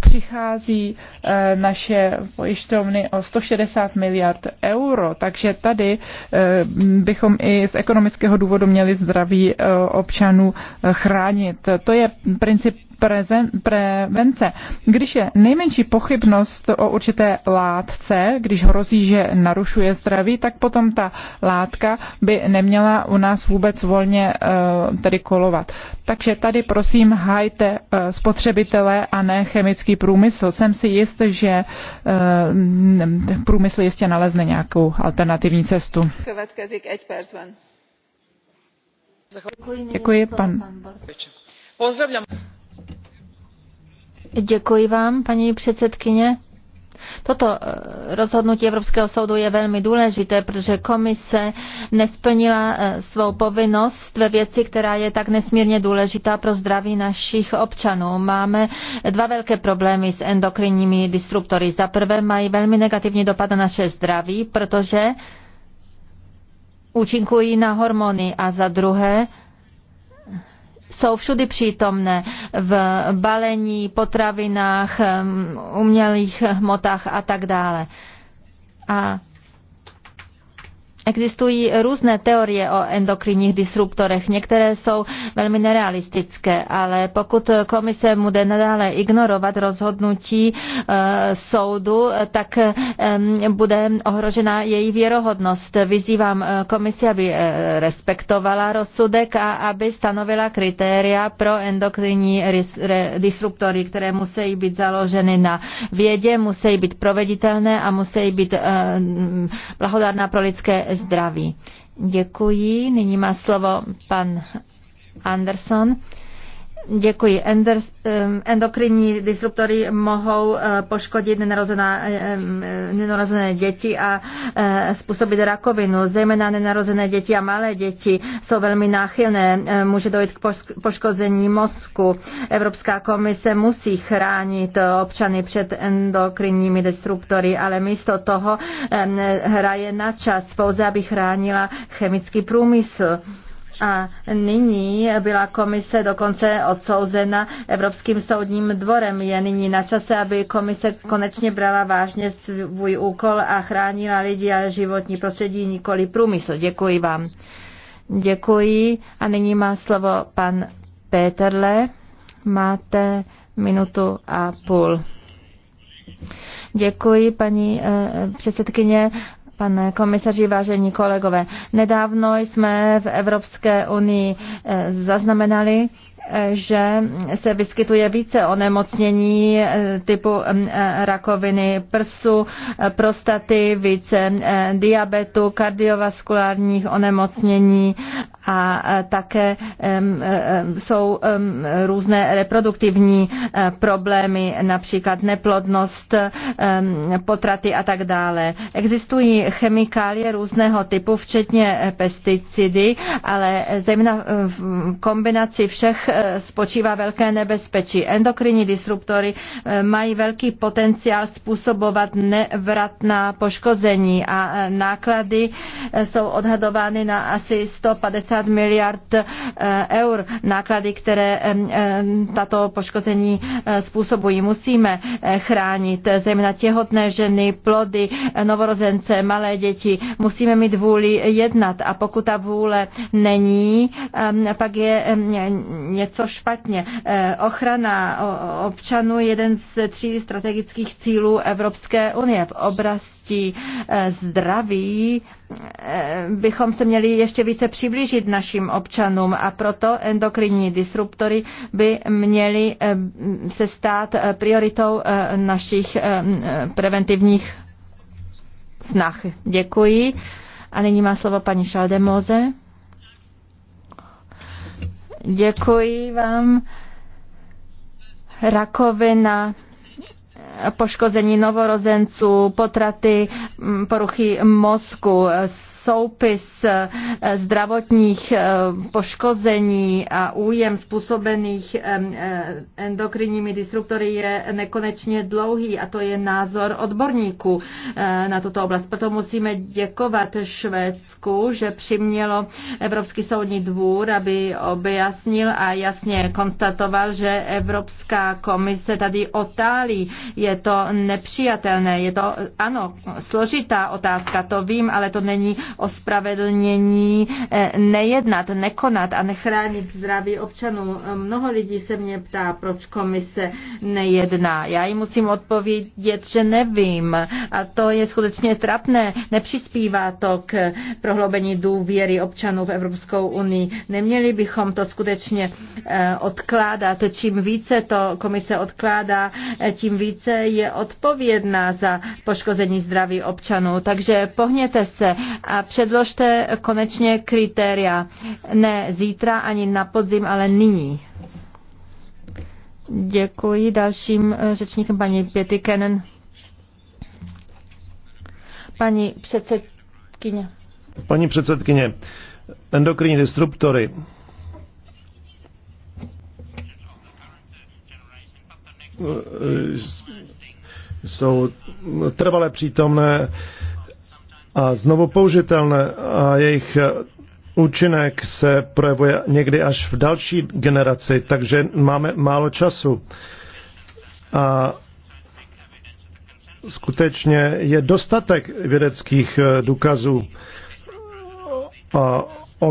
přichází eh, naše pojišťovny o 160 miliard euro, takže tady eh, bychom i z ekonomického důvodu měli zdraví občanů chránit. To je princip prezen, prevence. Když je nejmenší pochybnost o určité látce, když hrozí, že narušuje zdraví, tak potom ta látka by neměla u nás vůbec volně eh, tedy kolovat. Takže tady prosím hajte eh, spotřebitele a ne chemický průmysl. Jsem si jist, že eh, průmysl jistě nalezne nějakou alternativní cestu. Děkuji, pan. Pozdravím.
Děkuji vám, paní předsedkyně. Toto eh, rozhodnutí Evropského soudu je velmi důležité, protože komise nesplnila eh, svou povinnost ve věci, která je tak nesmírně důležitá pro zdraví našich občanů. Máme dva velké problémy s endokrinními disruptory. Za prvé mají velmi negativní dopad na naše zdraví, protože účinkují na hormony a za druhé jsou všudy přítomné v balení, potravinách, um, umělých hmotách a tak dále. A Existují různé teorie o endokrinních disruptorech. Některé jsou velmi nerealistické, ale pokud komise bude nadále ignorovat rozhodnutí eh, soudu, tak bude ohrožena její věrohodnost. Vyzývám eh, komisi, aby eh, respektovala rozsudek a aby stanovila kritéria pro endokrinní disruptory, které musí být založeny na vědě, musí být proveditelné a musí být blahodárná pro lidské zdraví. Děkuji. Nyní má slovo pan Anderson. Děkuji. Endokrinní disruptory mohou eh, poškodit nenarozené děti a eh, způsobit rakovinu. Zejména nenarozené děti a malé děti jsou velmi náchylné. Eh, může dojít k poškození mozku. Evropská komise musí chránit občany před endokrinními disruptory, ale místo toho hraje na čas pouze, aby chránila chemický průmysl. A nyní byla komise dokonce odsouzena Evropským soudním dvorem. Je nyní na čase, aby komise konečně brala vážně svůj úkol a chránila lidi a životní prostředí, nikoli průmysl. Děkuji vám. Děkuji. A nyní má slovo pan Péterle. Máte minutu a půl. Děkuji, paní eh, předsedkyně. Pane komisaři, vážení kolegové, nedávno jsme v Evropské unii eh, zaznamenali že se vyskytuje více onemocnění eh, typu eh, rakoviny prsu, eh, prostaty, více diabetu, kardiovaskulárních onemocnění a také jsou různé reproduktivní problémy, například neplodnost, potraty a tak dále. Existují chemikálie různého typu, včetně pesticidy, ale zejména v kombinaci všech Eh, spočívá velké nebezpečí. Endokrinní disruptory eh, mají velký potenciál způsobovat nevratná poškození a eh, náklady jsou odhadovány na asi 150 miliard eur. Náklady, které tato poškození způsobují. Musíme chránit zejména těhotné ženy, plody, novorozence, malé děti. Musíme mít vůli jednat a pokud ta vůle není, pak je něco něco špatně. Eh, ochrana občanů je jeden z tří strategických cílů Evropské unie. V oblasti eh, zdraví eh, bychom se měli ještě více přiblížit našim občanům a proto endokrinní disruptory by měly se stát prioritou našich preventivních snah. Děkuji. A nyní má slovo paní Šaldemoze. Děkuji vám. Rakovina poškození novorozenců, potraty, poruchy mozku, soupis eh, zdravotních eh, poškození a újem způsobených eh, endokrinními disruptory je nekonečně dlouhý a to je názor odborníků na tuto oblast. Proto musíme děkovat Švédsku, že přimělo Evropský soudní dvůr, aby objasnil a jasně konstatoval, že Evropská komise tady otálí. Je to nepřijatelné, je to ano, složitá otázka, to vím, ale to není ospravedlnění eh, nejednat, nekonat a nechránit zdraví občanů. Mnoho lidí se mě ptá, proč komise nejedná. Já jim musím odpovědět, že nevím. A to je skutečně trapné. Nepřispívá to k prohloubení důvěry občanů v Evropskou unii. Neměli bychom to skutečně eh, odkládat. Čím více to komise odkládá, eh, tím více je odpovědná za poškození zdraví občanů. Takže pohněte se a a předložte konečně kritéria. Ne zítra ani na podzim, ale nyní. Děkuji. Dalším eh, řečníkem paní Pěty Paní předsedkyně.
Paní předsedkyně, endokrinní disruptory eh, jsou trvalé přítomné a znovu použitelné a jejich e, účinek se projevuje někdy až v další generaci, takže máme málo času. A skutečně je dostatek vědeckých e, důkazů a o,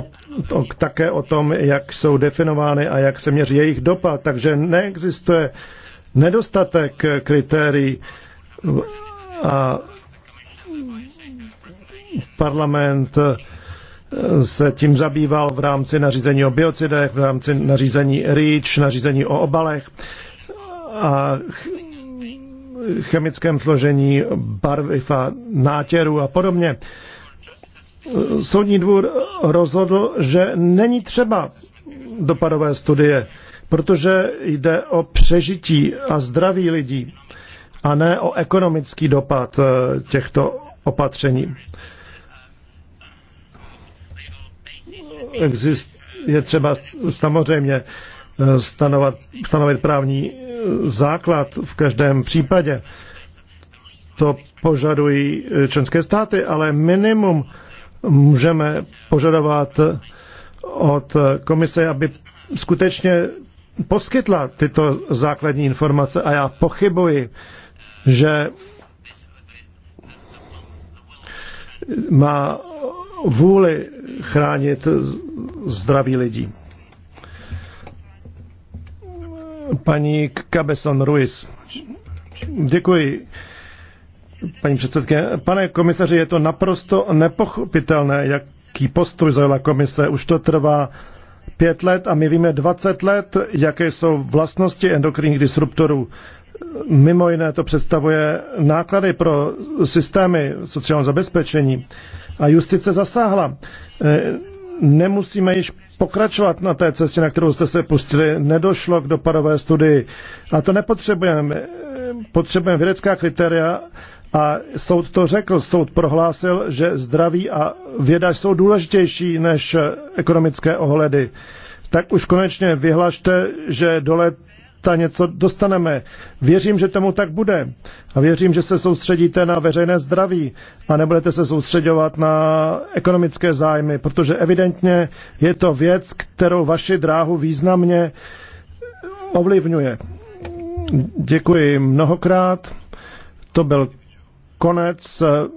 o, také o tom, jak jsou definovány a jak se měří jejich dopad. Takže neexistuje nedostatek e, kritérií a parlament eh, se tím zabýval v rámci nařízení o biocidech, v rámci nařízení REACH, nařízení o obalech a chemickém složení barviv a nátěru a podobně. Soudní dvůr rozhodl, že není třeba dopadové studie, protože jde o přežití a zdraví lidí a ne o ekonomický dopad eh, těchto opatření. exist, je třeba samozřejmě eh, stanovat, stanovit právní eh, základ v každém případě. To požadují eh, členské státy, ale minimum můžeme požadovat od komise, aby skutečně poskytla tyto základní informace a já pochybuji, že má vůli chránit zdraví lidí. Paní Cabeson Ruiz. Děkuji. Paní předsedkyně, pane komisaři, je to naprosto nepochopitelné, jaký postoj zajela komise. Už to trvá pět let a my víme 20 let, jaké jsou vlastnosti endokrinních disruptorů. Mimo jiné to představuje náklady pro systémy sociálního zabezpečení a justice zasáhla. E, nemusíme již pokračovat na té cestě, na kterou jste se pustili. Nedošlo k dopadové studii. A to nepotřebujeme. E, potřebujeme vědecká kritéria a soud to řekl. Soud prohlásil, že zdraví a věda jsou důležitější než ekonomické ohledy tak už konečně vyhlašte, že do, let, ta něco dostaneme. Věřím, že tomu tak bude. A věřím, že se soustředíte na veřejné zdraví a nebudete se soustředovat na ekonomické zájmy, protože evidentně je to věc, kterou vaši dráhu významně ovlivňuje. Děkuji mnohokrát. To byl konec eh,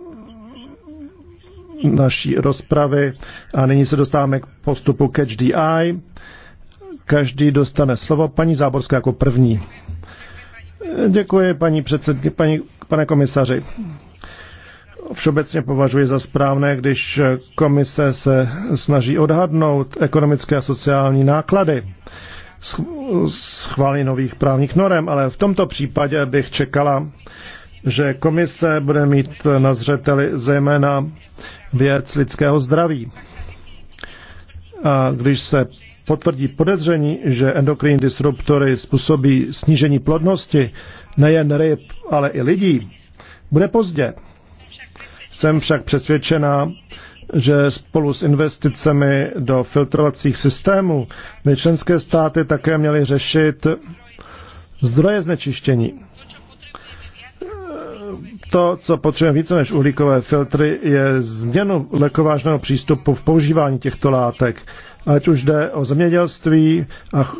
naší rozpravy a nyní se dostáváme k postupu Catch the Eye. Každý dostane slovo. Paní Záborská jako první. Děkuji, paní předsedky, paní, pane komisaři. Všeobecně považuji za správné, když komise se snaží odhadnout ekonomické a sociální náklady schválení nových právních norem, ale v tomto případě bych čekala, že komise bude mít na zřeteli zejména věc lidského zdraví. A když se potvrdí podezření, že endokrinní disruptory způsobí snížení plodnosti nejen ryb, ale i lidí, bude pozdě. Jsem však přesvědčená, že spolu s investicemi do filtrovacích systémů by členské státy také měly řešit zdroje znečištění. To, co potřebujeme více než uhlíkové filtry, je změnu lekovážného přístupu v používání těchto látek ať už jde o zemědělství a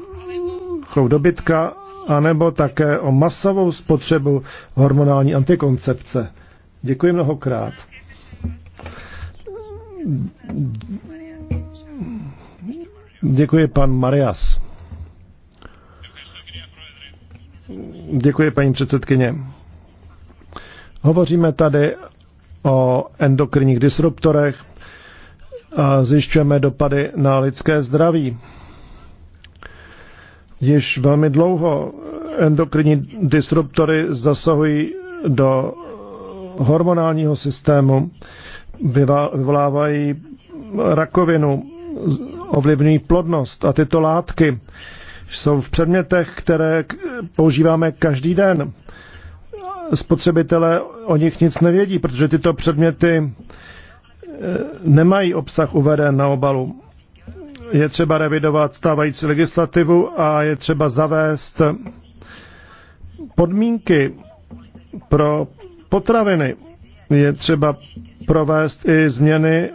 chov dobytka, anebo také o masovou spotřebu hormonální antikoncepce. Děkuji mnohokrát. Děkuji pan Marias. Děkuji paní předsedkyně. Hovoříme tady o endokrinních disruptorech, a zjišťujeme dopady na lidské zdraví. Již velmi dlouho endokrinní disruptory zasahují do hormonálního systému, vyvolávají rakovinu, ovlivňují plodnost a tyto látky jsou v předmětech, které používáme každý den. Spotřebitelé o nich nic nevědí, protože tyto předměty nemají obsah uveden na obalu. Je třeba revidovat stávající legislativu a je třeba zavést podmínky pro potraviny. Je třeba provést i změny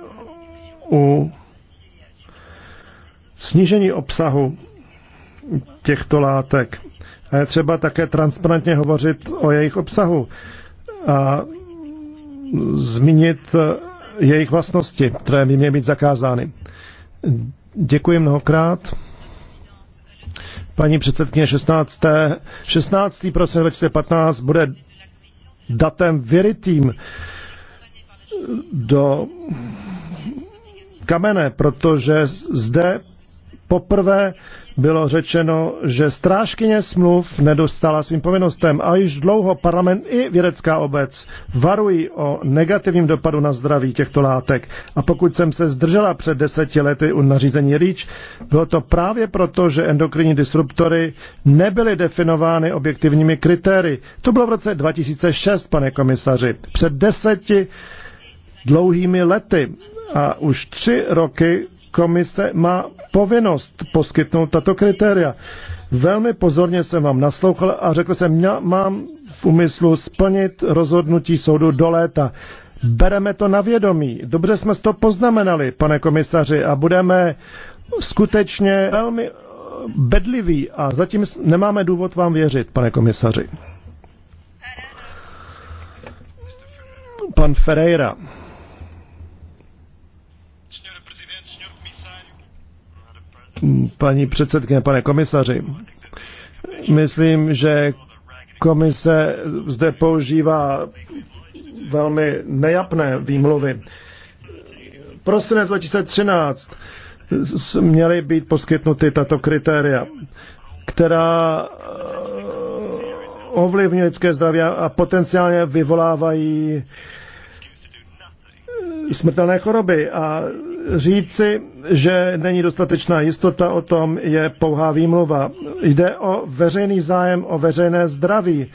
u snížení obsahu těchto látek. A je třeba také transparentně hovořit o jejich obsahu a zmínit jejich vlastnosti, které by měly být zakázány. Děkuji mnohokrát. Paní předsedkyně 16. 16. prosince 2015 bude datem vyrytým do kamene, protože zde poprvé bylo řečeno, že strážkyně smluv nedostala svým povinnostem a již dlouho parlament i vědecká obec varují o negativním dopadu na zdraví těchto látek. A pokud jsem se zdržela před deseti lety u nařízení REACH, bylo to právě proto, že endokrinní disruptory nebyly definovány objektivními kritéry. To bylo v roce 2006, pane komisaři. Před deseti dlouhými lety a už tři roky komise má povinnost poskytnout tato kritéria. Velmi pozorně jsem vám naslouchal a řekl jsem, já mám v úmyslu splnit rozhodnutí soudu do léta. Bereme to na vědomí. Dobře jsme to poznamenali, pane komisaři, a budeme skutečně velmi eh, bedliví a zatím nemáme důvod vám věřit, pane komisaři. Pan Ferreira. paní předsedkyně, pane komisaři. Myslím, že komise zde používá velmi nejapné výmluvy. Prosinec 2013 měly být poskytnuty tato kritéria, která eh, ovlivňují lidské zdraví a potenciálně vyvolávají eh, smrtelné choroby. A Říci, že není dostatečná jistota o tom, je pouhá výmluva. Jde o veřejný zájem, o veřejné zdraví.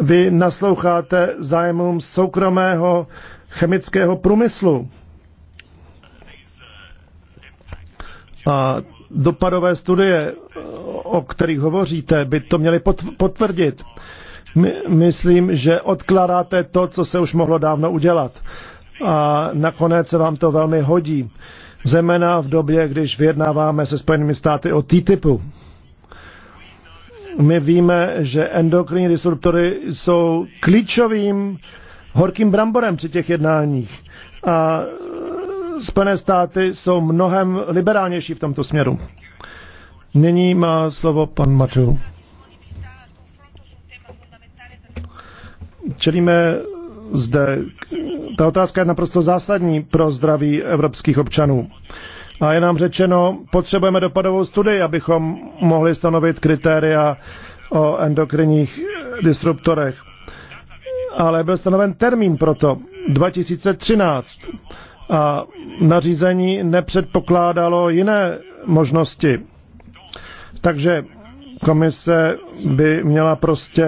Vy nasloucháte zájmům soukromého chemického průmyslu. A dopadové studie, o kterých hovoříte, by to měly potvrdit. My, myslím, že odkládáte to, co se už mohlo dávno udělat a nakonec se vám to velmi hodí. Zemena v době, když vyjednáváme se Spojenými státy o TTIPu. My víme, že endokrinní disruptory jsou klíčovým horkým bramborem při těch jednáních. A Spojené státy jsou mnohem liberálnější v tomto směru. Nyní má slovo pan Matu. Čelíme zde. Ta otázka je naprosto zásadní pro zdraví evropských občanů. A je nám řečeno, potřebujeme dopadovou studii, abychom mohli stanovit kritéria o endokrinních disruptorech. Ale byl stanoven termín pro to 2013 a nařízení nepředpokládalo jiné možnosti. Takže komise by měla prostě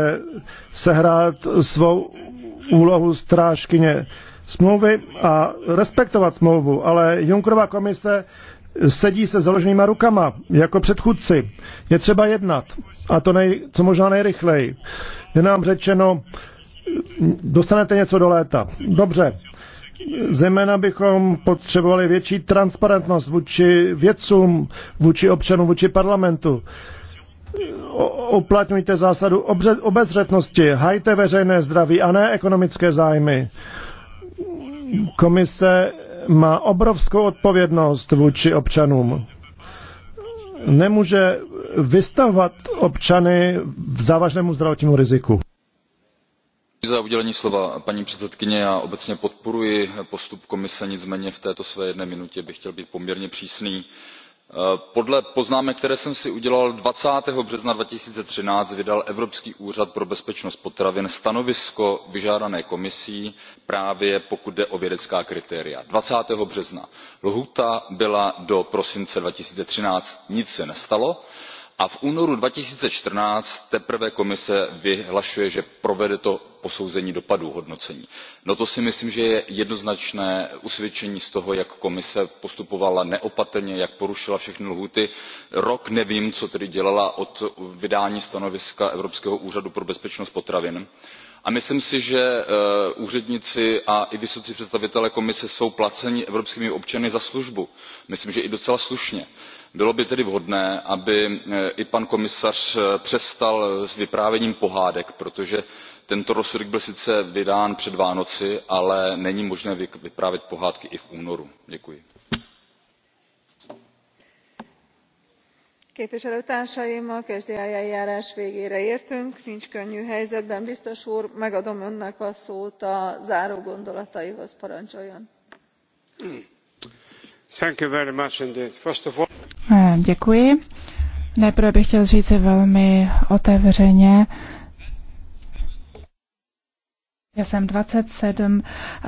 sehrát svou úlohu strážkyně smlouvy a respektovat smlouvu, ale Junkerová komise sedí se založenýma rukama, jako předchůdci. Je třeba jednat, a to nej, co možná nejrychleji. Je nám řečeno, dostanete něco do léta. Dobře. Zejména bychom potřebovali větší transparentnost vůči vědcům, vůči občanům, vůči parlamentu uplatňujte zásadu obezřetnosti, hajte veřejné zdraví a ne ekonomické zájmy. Komise má obrovskou odpovědnost vůči občanům. Nemůže vystavovat občany v závažnému zdravotnímu riziku.
Za udělení slova, paní předsedkyně, já obecně podporuji postup komise, nicméně v této své jedné minutě bych chtěl být poměrně přísný Eh, podle poznámek které jsem si udělal. twenty března two thousand and thirteen vydal evropský úřad pro bezpečnost potravin stanovisko vyžádané komisí právě pokud jde o vědecká kritéria. twenty března lhůta byla do prosince two thousand and thirteen nic se nestalo a v únoru two thousand and fourteen teprve komise vyhlašuje že provede to posouzení dopadů hodnocení. No to si myslím že je jednoznačné usvědčení z toho jak komise postupovala neopatrně jak porušila všechny lhůty. rok nevím co tedy dělala od vydání stanoviska evropského úřadu pro bezpečnost potravin a myslím si že eh, úředníci a i vysocí představitelé komise jsou placeni evropskými občany za službu myslím že i docela slušně bylo by tedy vhodné aby e, i pan komisař e, přestal s vyprávěním pohádek protože tento rozsudek byl sice vydán před vánoci ale není možné vyprávět pohádky i v únoru. děkuji.
a
Eh, děkuji. Nejprve bych chtěl říct velmi otevřeně, já jsem 27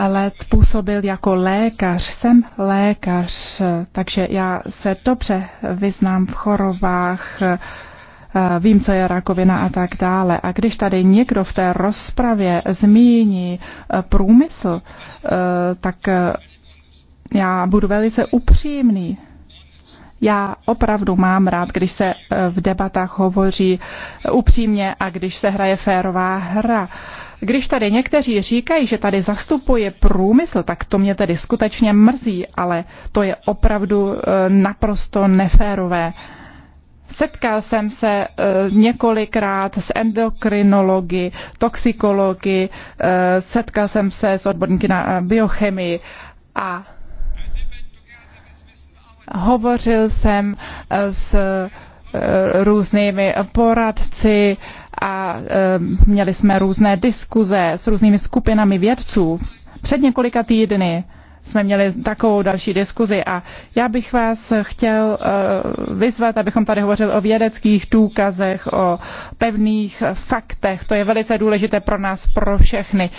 let působil jako lékař. Jsem lékař, takže já se dobře vyznám v chorobách, eh, vím, co je rakovina a tak dále. A když tady někdo v té rozpravě zmíní eh, průmysl, tak já budu velice upřímný. Já opravdu mám rád, když se eh, v debatách hovoří eh, upřímně a když se hraje férová hra. Když tady někteří říkají, že tady zastupuje průmysl, tak to mě tedy skutečně mrzí, ale to je opravdu eh, naprosto neférové. Setkal jsem se několikrát s endokrinology, toxikology, setkal jsem se s odborníky na biochemii a Hovořil jsem eh, s eh, různými poradci a eh, měli jsme různé diskuze s různými skupinami vědců. Před několika týdny jsme měli takovou další diskuzi a já bych vás chtěl vyzvat, abychom tady hovořili o vědeckých důkazech, o pevných faktech. To je velice důležité pro nás, pro všechny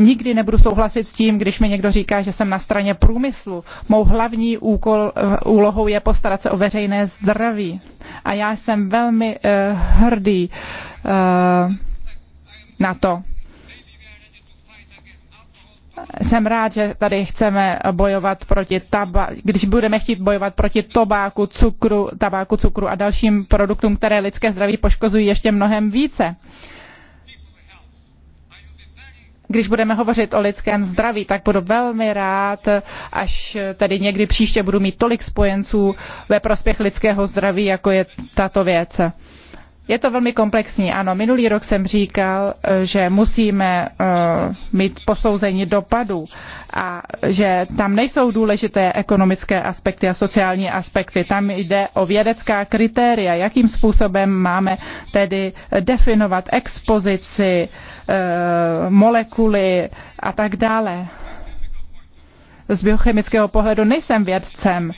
nikdy nebudu souhlasit s tím, když mi někdo říká, že jsem na straně průmyslu. Mou hlavní úkol, eh, úlohou je postarat se o veřejné zdraví. A já jsem velmi uh, hrdý uh, na to. Jsem rád, že tady chceme bojovat proti taba, když budeme chtít bojovat proti tobáku, cukru, tabáku, cukru a dalším produktům, které lidské zdraví poškozují ještě mnohem více. Uh, když budeme hovořit o lidském zdraví, tak budu velmi rád, až tedy někdy příště budu mít tolik spojenců ve prospěch lidského zdraví, jako je tato věc. Je to velmi komplexní. Ano, minulý rok jsem říkal, eh, že musíme eh, mít posouzení dopadu a že tam nejsou důležité ekonomické aspekty a sociální aspekty. Tam jde o vědecká kritéria, jakým způsobem máme tedy definovat expozici, eh, molekuly a tak dále z biochemického pohledu nejsem vědcem,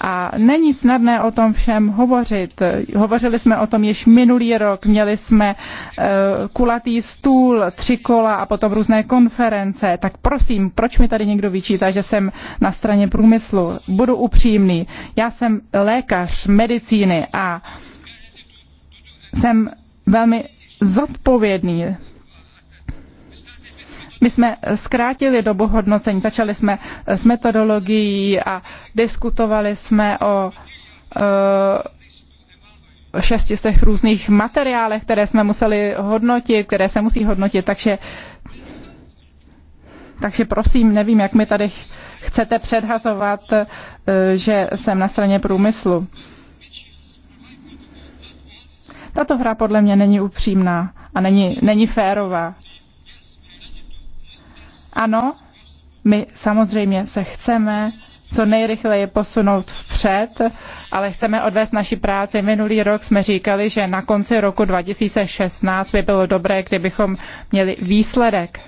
a není snadné o tom všem hovořit. Hovořili jsme o tom již minulý rok, měli jsme eh, kulatý stůl, tři kola a potom různé konference. Tak prosím, proč mi tady někdo vyčítá, že jsem na straně průmyslu? Budu upřímný. Já jsem lékař medicíny a jsem velmi zodpovědný my jsme eh, zkrátili dobu hodnocení, začali jsme eh, s metodologií a diskutovali jsme o eh, šesti z těch různých materiálech, které jsme museli hodnotit, které se musí hodnotit, takže takže prosím, nevím, jak mi tady chcete předhazovat, že jsem na straně průmyslu. Tato hra podle mě není upřímná a není, není férová. Ano, my samozřejmě se chceme co nejrychleji posunout vpřed, ale chceme odvést naši práci. Minulý rok jsme říkali, že na konci roku 2016 by bylo dobré, kdybychom měli výsledek.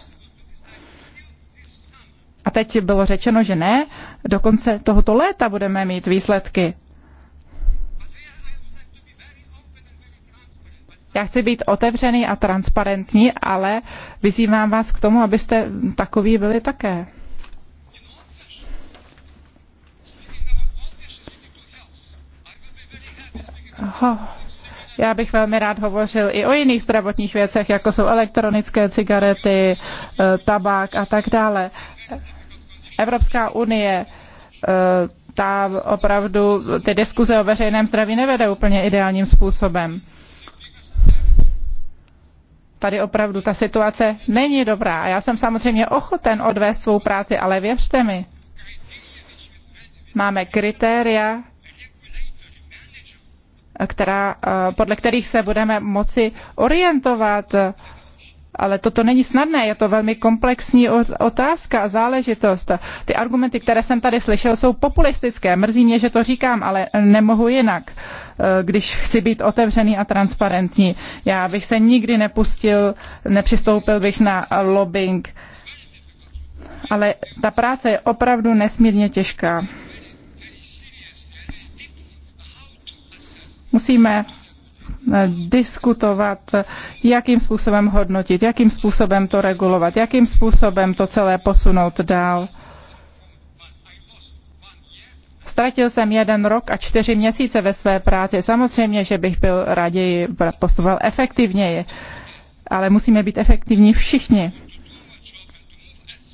A teď bylo řečeno, že ne, do konce tohoto léta budeme mít výsledky. Já chci být otevřený a transparentní, ale vyzývám vás k tomu, abyste takový byli také. Ho. Já bych velmi rád hovořil i o jiných zdravotních věcech, jako jsou elektronické cigarety, eh, tabák a tak dále. Evropská unie eh, ta opravdu ty diskuze o veřejném zdraví nevede úplně ideálním způsobem. Tady opravdu ta situace není dobrá. Já jsem samozřejmě ochoten odvést svou práci, ale věřte mi, máme kritéria, která, eh, podle kterých se budeme moci orientovat ale toto není snadné, je to velmi komplexní otázka a záležitost. Ty argumenty, které jsem tady slyšel, jsou populistické. Mrzí mě, že to říkám, ale nemohu jinak, eh, když chci být otevřený a transparentní. Já bych se nikdy nepustil, nepřistoupil bych na lobbying. Ale ta práce je opravdu nesmírně těžká. Musíme diskutovat, jakým způsobem hodnotit, jakým způsobem to regulovat, jakým způsobem to celé posunout dál. Ztratil jsem jeden rok a čtyři měsíce ve své práci. Samozřejmě, že bych byl raději postupoval efektivněji, ale musíme být efektivní všichni.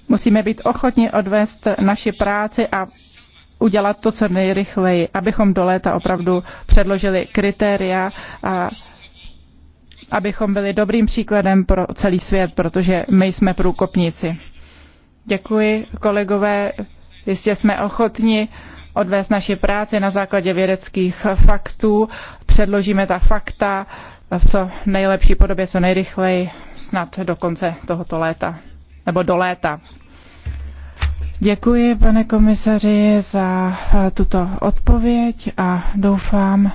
Musíme být ochotni odvést naši práci a udělat to, co nejrychleji, abychom do léta opravdu předložili kritéria a abychom byli dobrým příkladem pro celý svět, protože my jsme průkopníci. Děkuji, kolegové. Jistě jsme ochotni odvést naši práci na základě vědeckých faktů. Předložíme ta fakta v co nejlepší podobě, co nejrychleji, snad do konce tohoto léta, nebo do léta. Děkuji, pane komisaři, za eh, tuto odpověď a doufám,